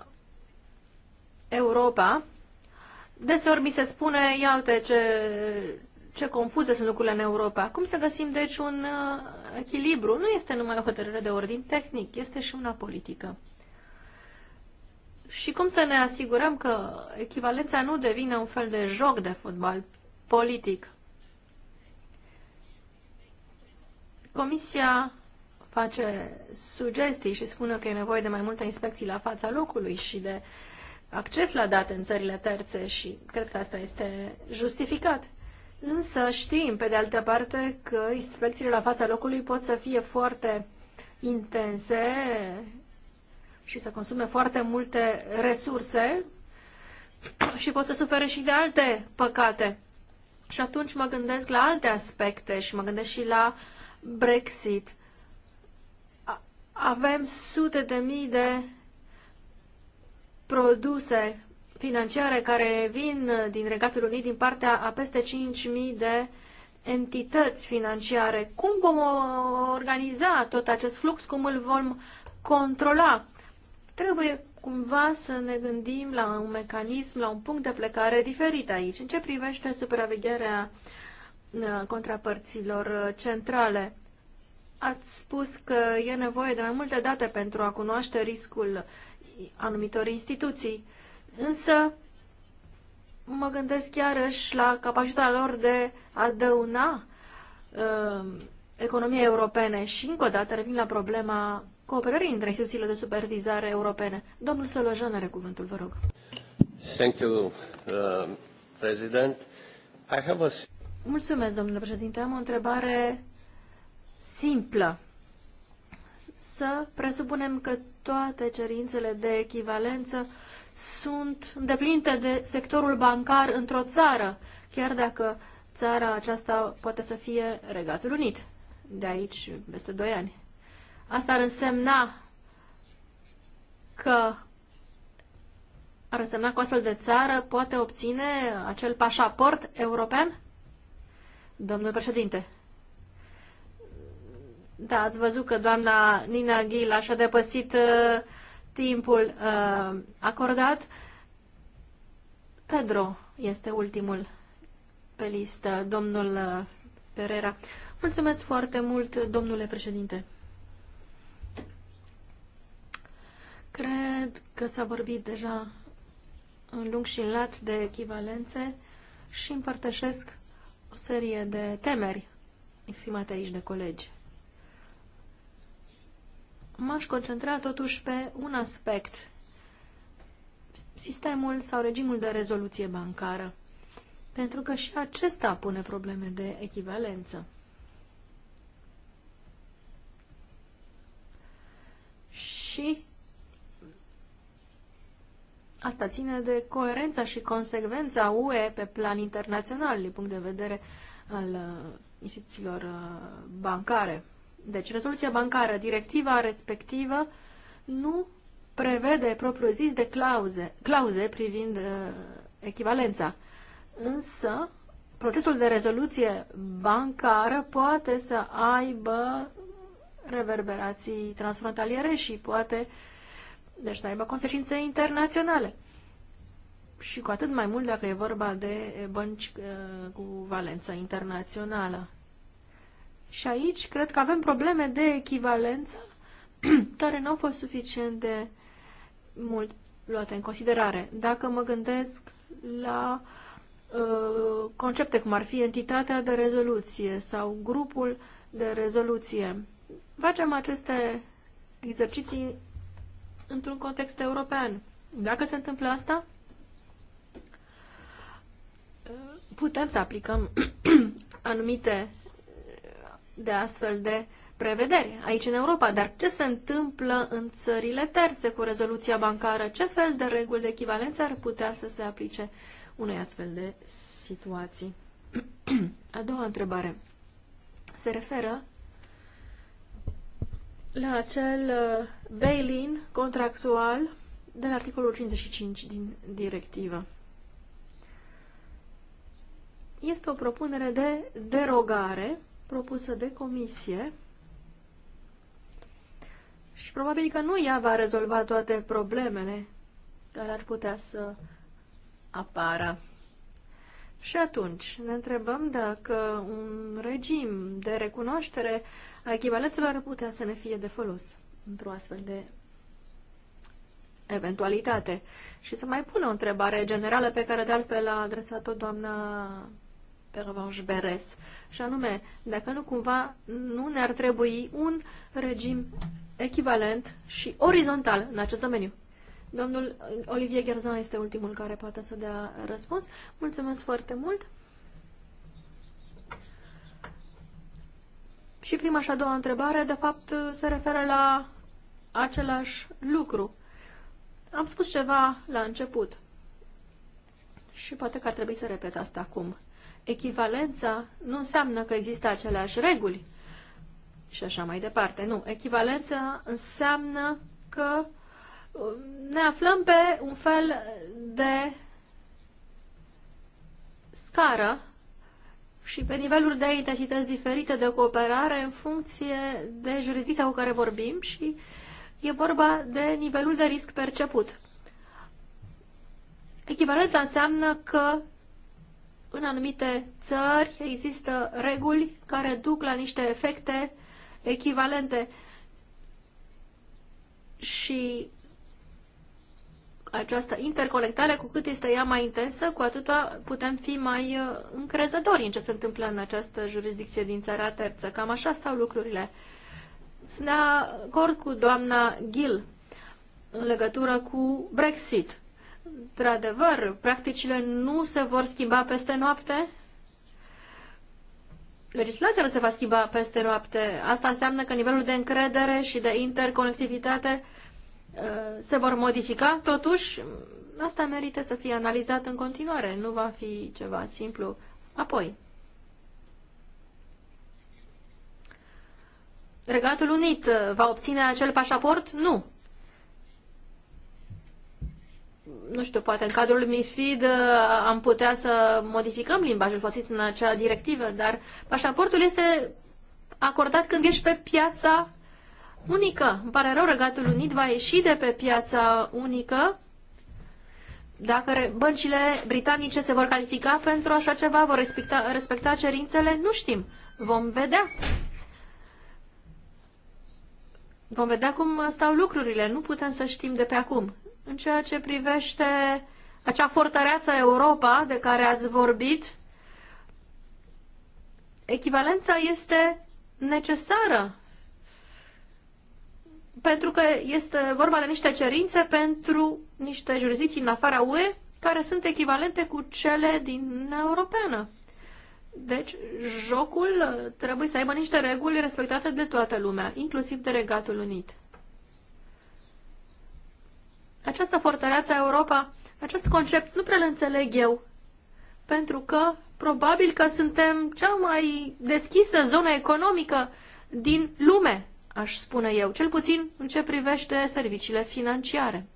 Europa, deseori mi se spune, ia uite ce, ce confuze sunt lucrurile în Europa. Cum să găsim, deci, un uh, echilibru? Nu este numai o hotărâre de ordin tehnic, este și una politică și cum să ne asigurăm că echivalența nu devine un fel de joc de fotbal politic. Comisia face sugestii și spune că e nevoie de mai multe inspecții la fața locului și de acces la date în țările terțe și cred că asta este justificat. Însă știm, pe de altă parte, că inspecțiile la fața locului pot să fie foarte intense, și să consume foarte multe resurse și pot să sufere și de alte păcate. Și atunci mă gândesc la alte aspecte și mă gândesc și la Brexit. Avem sute de mii de produse financiare care vin din Regatul Unit din partea a peste 5.000 de entități financiare. Cum vom organiza tot acest flux? Cum îl vom controla? Trebuie cumva să ne gândim la un mecanism, la un punct de plecare diferit aici, în ce privește supravegherea uh, contrapărților uh, centrale. Ați spus că e nevoie de mai multe date pentru a cunoaște riscul anumitor instituții, însă mă gândesc iarăși la capacitatea lor de a dăuna uh, economiei europene și încă o dată revin la problema cooperării între instituțiile de supervizare europene. Domnul Solojan are cuvântul, vă rog. Thank you, uh, President. I have a... Mulțumesc, domnule președinte. Am o întrebare simplă. Să presupunem că toate cerințele de echivalență sunt îndeplinite de sectorul bancar într-o țară, chiar dacă țara aceasta poate să fie Regatul Unit de aici peste doi ani. Asta ar însemna că ar însemna că o astfel de țară poate obține acel pașaport european? Domnul președinte. Da, ați văzut că doamna Nina Ghil așa depăsit uh, timpul uh, acordat. Pedro este ultimul pe listă, domnul Pereira. Uh, Mulțumesc foarte mult, domnule președinte. Cred că s-a vorbit deja în lung și în lat de echivalențe și împărtășesc o serie de temeri exprimate aici de colegi. M-aș concentra totuși pe un aspect, sistemul sau regimul de rezoluție bancară, pentru că și acesta pune probleme de echivalență. Și Asta ține de coerența și consecvența UE pe plan internațional, din punct de vedere al uh, instituțiilor uh, bancare. Deci, rezoluția bancară, directiva respectivă, nu prevede propriu-zis de clauze, clauze privind uh, echivalența. Însă, procesul de rezoluție bancară poate să aibă reverberații transfrontaliere și poate uh, deci să aibă consecințe internaționale. Și cu atât mai mult dacă e vorba de bănci uh, cu valență internațională. Și aici cred că avem probleme de echivalență care nu au fost suficient de mult luate în considerare. Dacă mă gândesc la uh, concepte cum ar fi entitatea de rezoluție sau grupul de rezoluție, facem aceste exerciții într-un context european. Dacă se întâmplă asta, putem să aplicăm anumite de astfel de prevederi aici în Europa, dar ce se întâmplă în țările terțe cu rezoluția bancară? Ce fel de reguli de echivalență ar putea să se aplice unei astfel de situații? A doua întrebare se referă la acel uh, bail-in contractual de la articolul 55 din directivă. Este o propunere de derogare propusă de comisie și probabil că nu ea va rezolva toate problemele care ar putea să apară. Și atunci ne întrebăm dacă un regim de recunoaștere uh, a ar putea să ne fie de folos într-o astfel de eventualitate. Și să mai pun o întrebare generală pe care de altfel a adresat-o doamna Pervanș Beres, și anume, dacă nu cumva nu ne-ar trebui un regim echivalent și orizontal în acest domeniu. Domnul Olivier Gherzan este ultimul care poate să dea răspuns. Mulțumesc foarte mult! Și prima și a doua întrebare, de fapt, se referă la același lucru. Am spus ceva la început și poate că ar trebui să repet asta acum. Echivalența nu înseamnă că există aceleași reguli și așa mai departe. Nu, echivalența înseamnă că um, ne aflăm pe un fel de scară și pe niveluri de intensități diferite de cooperare în funcție de jurisdicția cu care vorbim și e vorba de nivelul de risc perceput. Echivalența înseamnă că în anumite țări există reguli care duc la niște efecte echivalente și această interconectare, cu cât este ea mai intensă, cu atât putem fi mai uh, încrezători în ce se întâmplă în această jurisdicție din țara terță. Cam așa stau lucrurile. Sunt de acord cu doamna Gil, în legătură cu Brexit. Într-adevăr, practicile nu se vor schimba peste noapte. Legislația nu se va schimba peste noapte. Asta înseamnă că nivelul de încredere și de interconectivitate uh, Uh, se vor modifica, totuși asta merită să fie analizat în continuare, nu va fi ceva simplu. Apoi, Regatul Unit uh, va obține acel pașaport? Nu. Nu știu, poate în cadrul MIFID uh, am putea să modificăm limbajul folosit în acea directivă, dar pașaportul este acordat când ești pe piața unică. Îmi pare rău, Regatul Unit va ieși de pe piața unică dacă băncile britanice se vor califica pentru așa ceva, vor respecta, respecta cerințele, nu știm. Vom vedea. Vom vedea cum stau lucrurile. Nu putem să știm de pe acum. În ceea ce privește acea fortăreață Europa de care ați vorbit, echivalența este necesară pentru că este vorba de niște cerințe pentru niște jurisdicții în afara UE care sunt echivalente cu cele din Europeană. Deci, jocul trebuie să aibă niște reguli respectate de toată lumea, inclusiv de Regatul Unit. Această fortăreață Europa, acest concept nu prea înțeleg eu, pentru că probabil că suntem cea mai deschisă zonă economică din lume aș spune eu, cel puțin în ce privește serviciile financiare.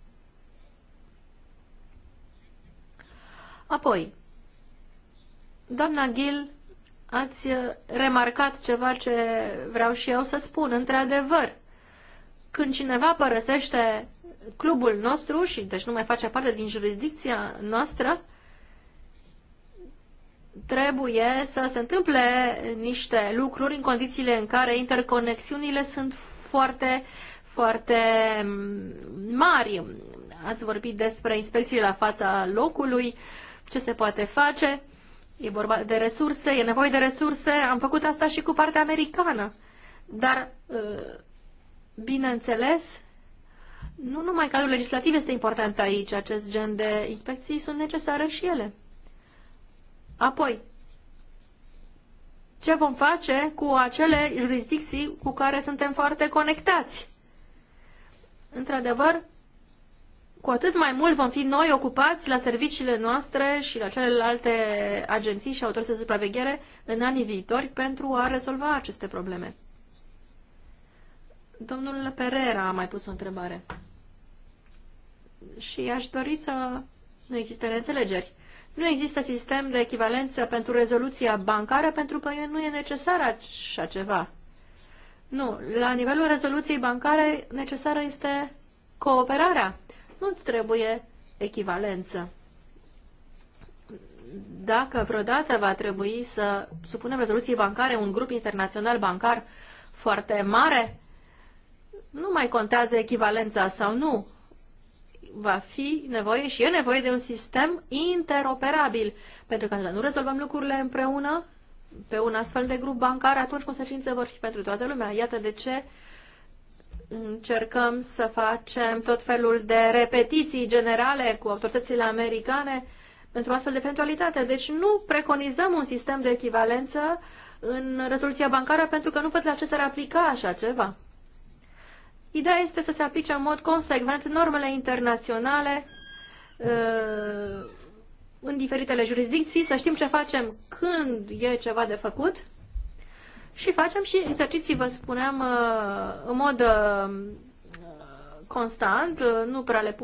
Apoi, doamna Gil, ați remarcat ceva ce vreau și eu să spun. Într-adevăr, când cineva părăsește clubul nostru și deci nu mai face parte din jurisdicția noastră, trebuie să se întâmple niște lucruri în condițiile în care interconexiunile sunt foarte, foarte mm, mari. Ați vorbit despre inspecții la fața locului, ce se poate face. E vorba de resurse, e nevoie de resurse. Am făcut asta și cu partea americană. Dar, ă, bineînțeles, nu numai cadrul legislativ este important aici. Acest gen de inspecții sunt necesare și ele. Apoi, ce vom face cu acele jurisdicții cu care suntem foarte conectați? Într-adevăr, cu atât mai mult vom fi noi ocupați la serviciile noastre și la celelalte agenții și autorități de supraveghere în anii viitori pentru a rezolva aceste probleme. Domnul Pereira a mai pus o întrebare. Și aș dori să nu existe înțelegeri. Nu există sistem de echivalență pentru rezoluția bancară pentru că nu e necesar așa ceva. Nu, la nivelul rezoluției bancare necesară este cooperarea. Nu trebuie echivalență. Dacă vreodată va trebui să supunem rezoluției bancare un grup internațional bancar foarte mare, nu mai contează echivalența sau nu va fi nevoie și e nevoie de un sistem interoperabil. Pentru că dacă nu rezolvăm lucrurile împreună, pe un astfel de grup bancar, atunci consecințe vor fi pentru toată lumea. Iată de ce încercăm să facem tot felul de repetiții generale cu autoritățile americane pentru astfel de eventualitate. Deci nu preconizăm un sistem de echivalență în rezoluția bancară pentru că nu văd la ce s-ar aplica așa ceva. Ideea este să se aplice în mod consecvent normele internaționale ă, în diferitele jurisdicții, să știm ce facem când e ceva de făcut și facem și exerciții, vă spuneam, ă, în mod ă, constant, nu prea le,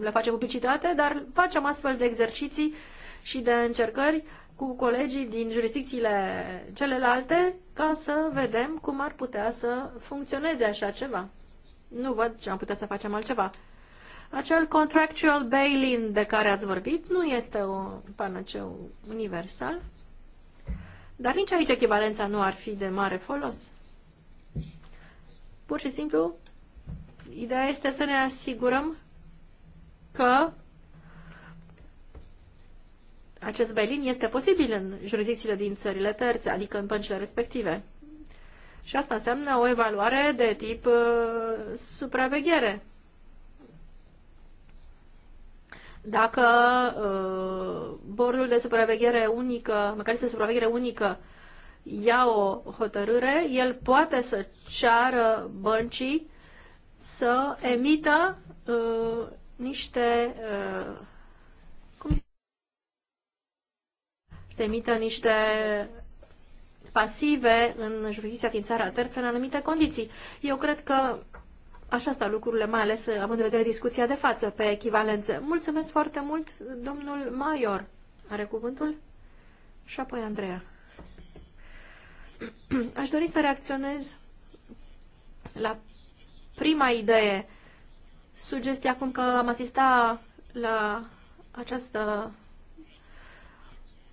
le face publicitate, dar facem astfel de exerciții și de încercări cu colegii din jurisdicțiile celelalte ca să vedem cum ar putea să funcționeze așa ceva. Nu văd ce am putea să facem altceva. Acel contractual bail-in de care ați vorbit nu este o panaceu universal, dar nici aici echivalența nu ar fi de mare folos. Pur și simplu, ideea este să ne asigurăm că acest bail-in este posibil în jurisdicțiile din țările terțe, adică în băncile respective. Și asta înseamnă o evaluare de tip uh, supraveghere. Dacă uh, bordul de supraveghere unică, mecanismul de supraveghere unică ia o hotărâre, el poate să ceară băncii să emită uh, niște uh, cum zic? se emită niște pasive în jurisdicția din țara terță în anumite condiții. Eu cred că așa stau lucrurile, mai ales uh, având în vedere discuția de față pe echivalență. Mulțumesc foarte mult, domnul Maior. Are cuvântul? Și apoi Andreea. Aș dori să reacționez la prima idee, sugestia acum că am asistat la această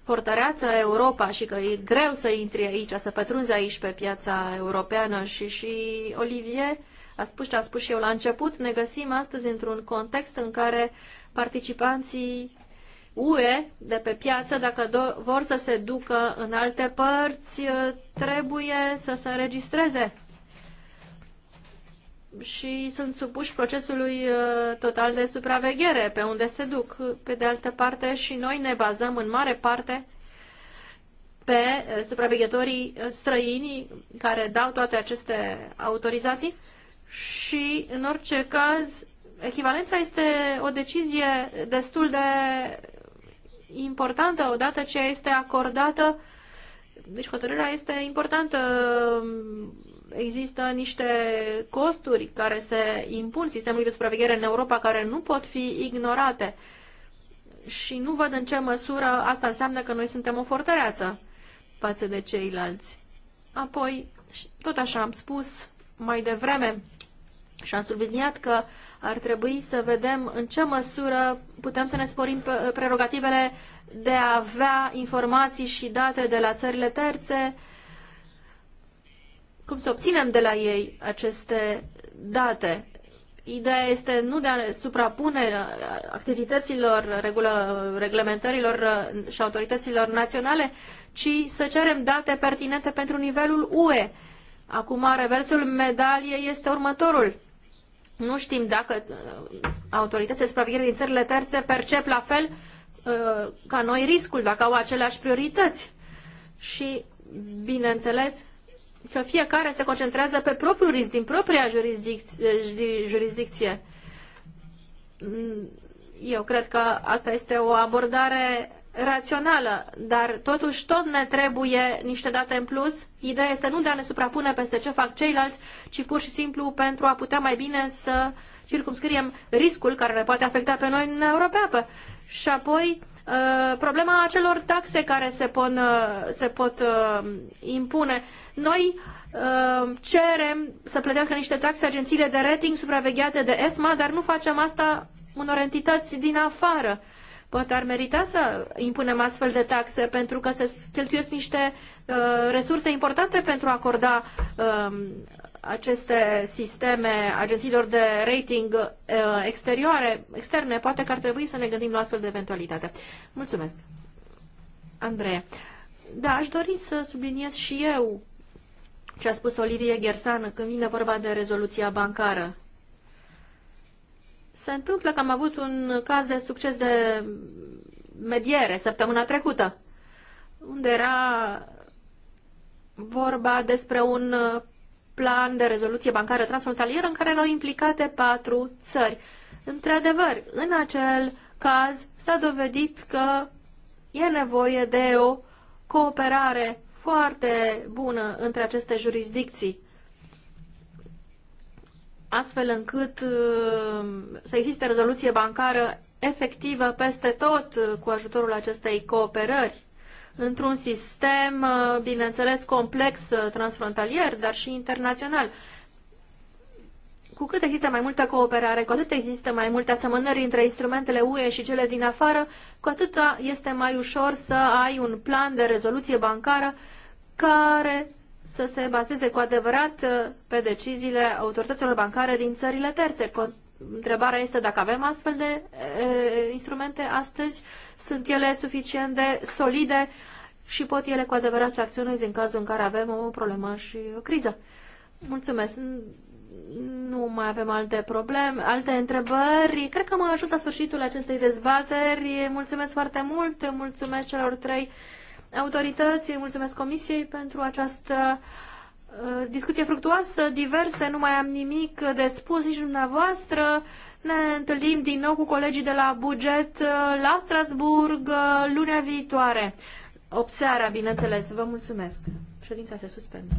fortăreață Europa și că e greu să intri aici, să pătrunzi aici pe piața europeană și, și Olivier a spus ce a spus și eu la început, ne găsim astăzi într-un context în care participanții UE de pe piață, dacă vor să se ducă în alte părți, trebuie să se înregistreze și sunt supuși procesului uh, total de supraveghere pe unde se duc. Pe de altă parte, și noi ne bazăm în mare parte pe uh, supraveghetorii uh, străini care dau toate aceste autorizații și, în orice caz, echivalența este o decizie destul de importantă odată ce este acordată. Deci hotărârea este importantă um, există niște costuri care se impun sistemului de supraveghere în Europa care nu pot fi ignorate și nu văd în ce măsură asta înseamnă că noi suntem o fortăreață față de ceilalți. Apoi, tot așa am spus mai devreme și am subliniat că ar trebui să vedem în ce măsură putem să ne sporim prerogativele de a avea informații și date de la țările terțe, uh, cum să obținem de la ei aceste date. Ideea este nu de a suprapune activităților, regulă, reglementărilor uh, și autorităților naționale, ci să cerem date pertinente pentru nivelul UE. Acum, reversul medaliei este următorul. Nu știm dacă uh, autoritățile de supraveghere din țările terțe percep la fel uh, ca noi riscul, dacă au aceleași priorități. Și, bineînțeles, că fiecare se concentrează pe propriul risc, din propria jurisdic- jurisdicție. Mm, eu cred că asta este o abordare rațională, dar totuși tot ne trebuie niște date în plus. Ideea este nu de a ne suprapune peste ce fac ceilalți, ci pur și simplu pentru a putea mai bine să circumscriem riscul care ne poate afecta pe noi în Europa. Și apoi uh, problema acelor taxe care se pot, uh, se pot uh, impune noi uh, cerem să plătească niște taxe agențiile de rating supravegheate de ESMA, dar nu facem asta unor entități din afară. Poate ar merita să impunem astfel de taxe pentru că se cheltuiesc niște uh, resurse importante pentru a acorda um, aceste sisteme agențiilor de rating uh, exterioare, externe, poate că ar trebui să ne gândim la astfel de eventualitate. Mulțumesc. Andrei. Da, aș dori să subliniez și eu ce a spus Olivier Gersan când vine vorba de rezoluția bancară. Se întâmplă că am avut un caz de succes de mediere săptămâna trecută, unde era vorba despre un plan de rezoluție bancară transfrontalieră în care erau implicate patru țări. Într-adevăr, în acel caz s-a dovedit că e nevoie de o cooperare foarte bună între aceste jurisdicții, astfel încât uh, să existe rezoluție bancară efectivă peste tot uh, cu ajutorul acestei cooperări într-un sistem, uh, bineînțeles, complex, transfrontalier, dar și internațional. Cu cât există mai multă cooperare, cu atât există mai multe asemănări între instrumentele UE și cele din afară, cu atât este mai ușor să ai un plan de rezoluție bancară care să se bazeze cu adevărat uh, pe deciziile autorităților bancare din țările terțe. Întrebarea este dacă avem astfel de e, uh, instrumente astăzi, sunt ele suficient de solide și pot ele cu adevărat să acționeze în cazul în care avem o problemă și o criză. Mulțumesc! Nu mai avem alte probleme, alte întrebări. Cred că am ajuns la sfârșitul acestei dezbateri. Mulțumesc foarte mult, mulțumesc celor trei autorități, mulțumesc Comisiei pentru această uh, discuție fructuoasă, diverse, nu mai am nimic de spus nici dumneavoastră. Ne întâlnim din nou cu colegii de la buget uh, la Strasburg uh, lunea viitoare. 8 seara, bineînțeles. Vă mulțumesc. Ședința se suspendă.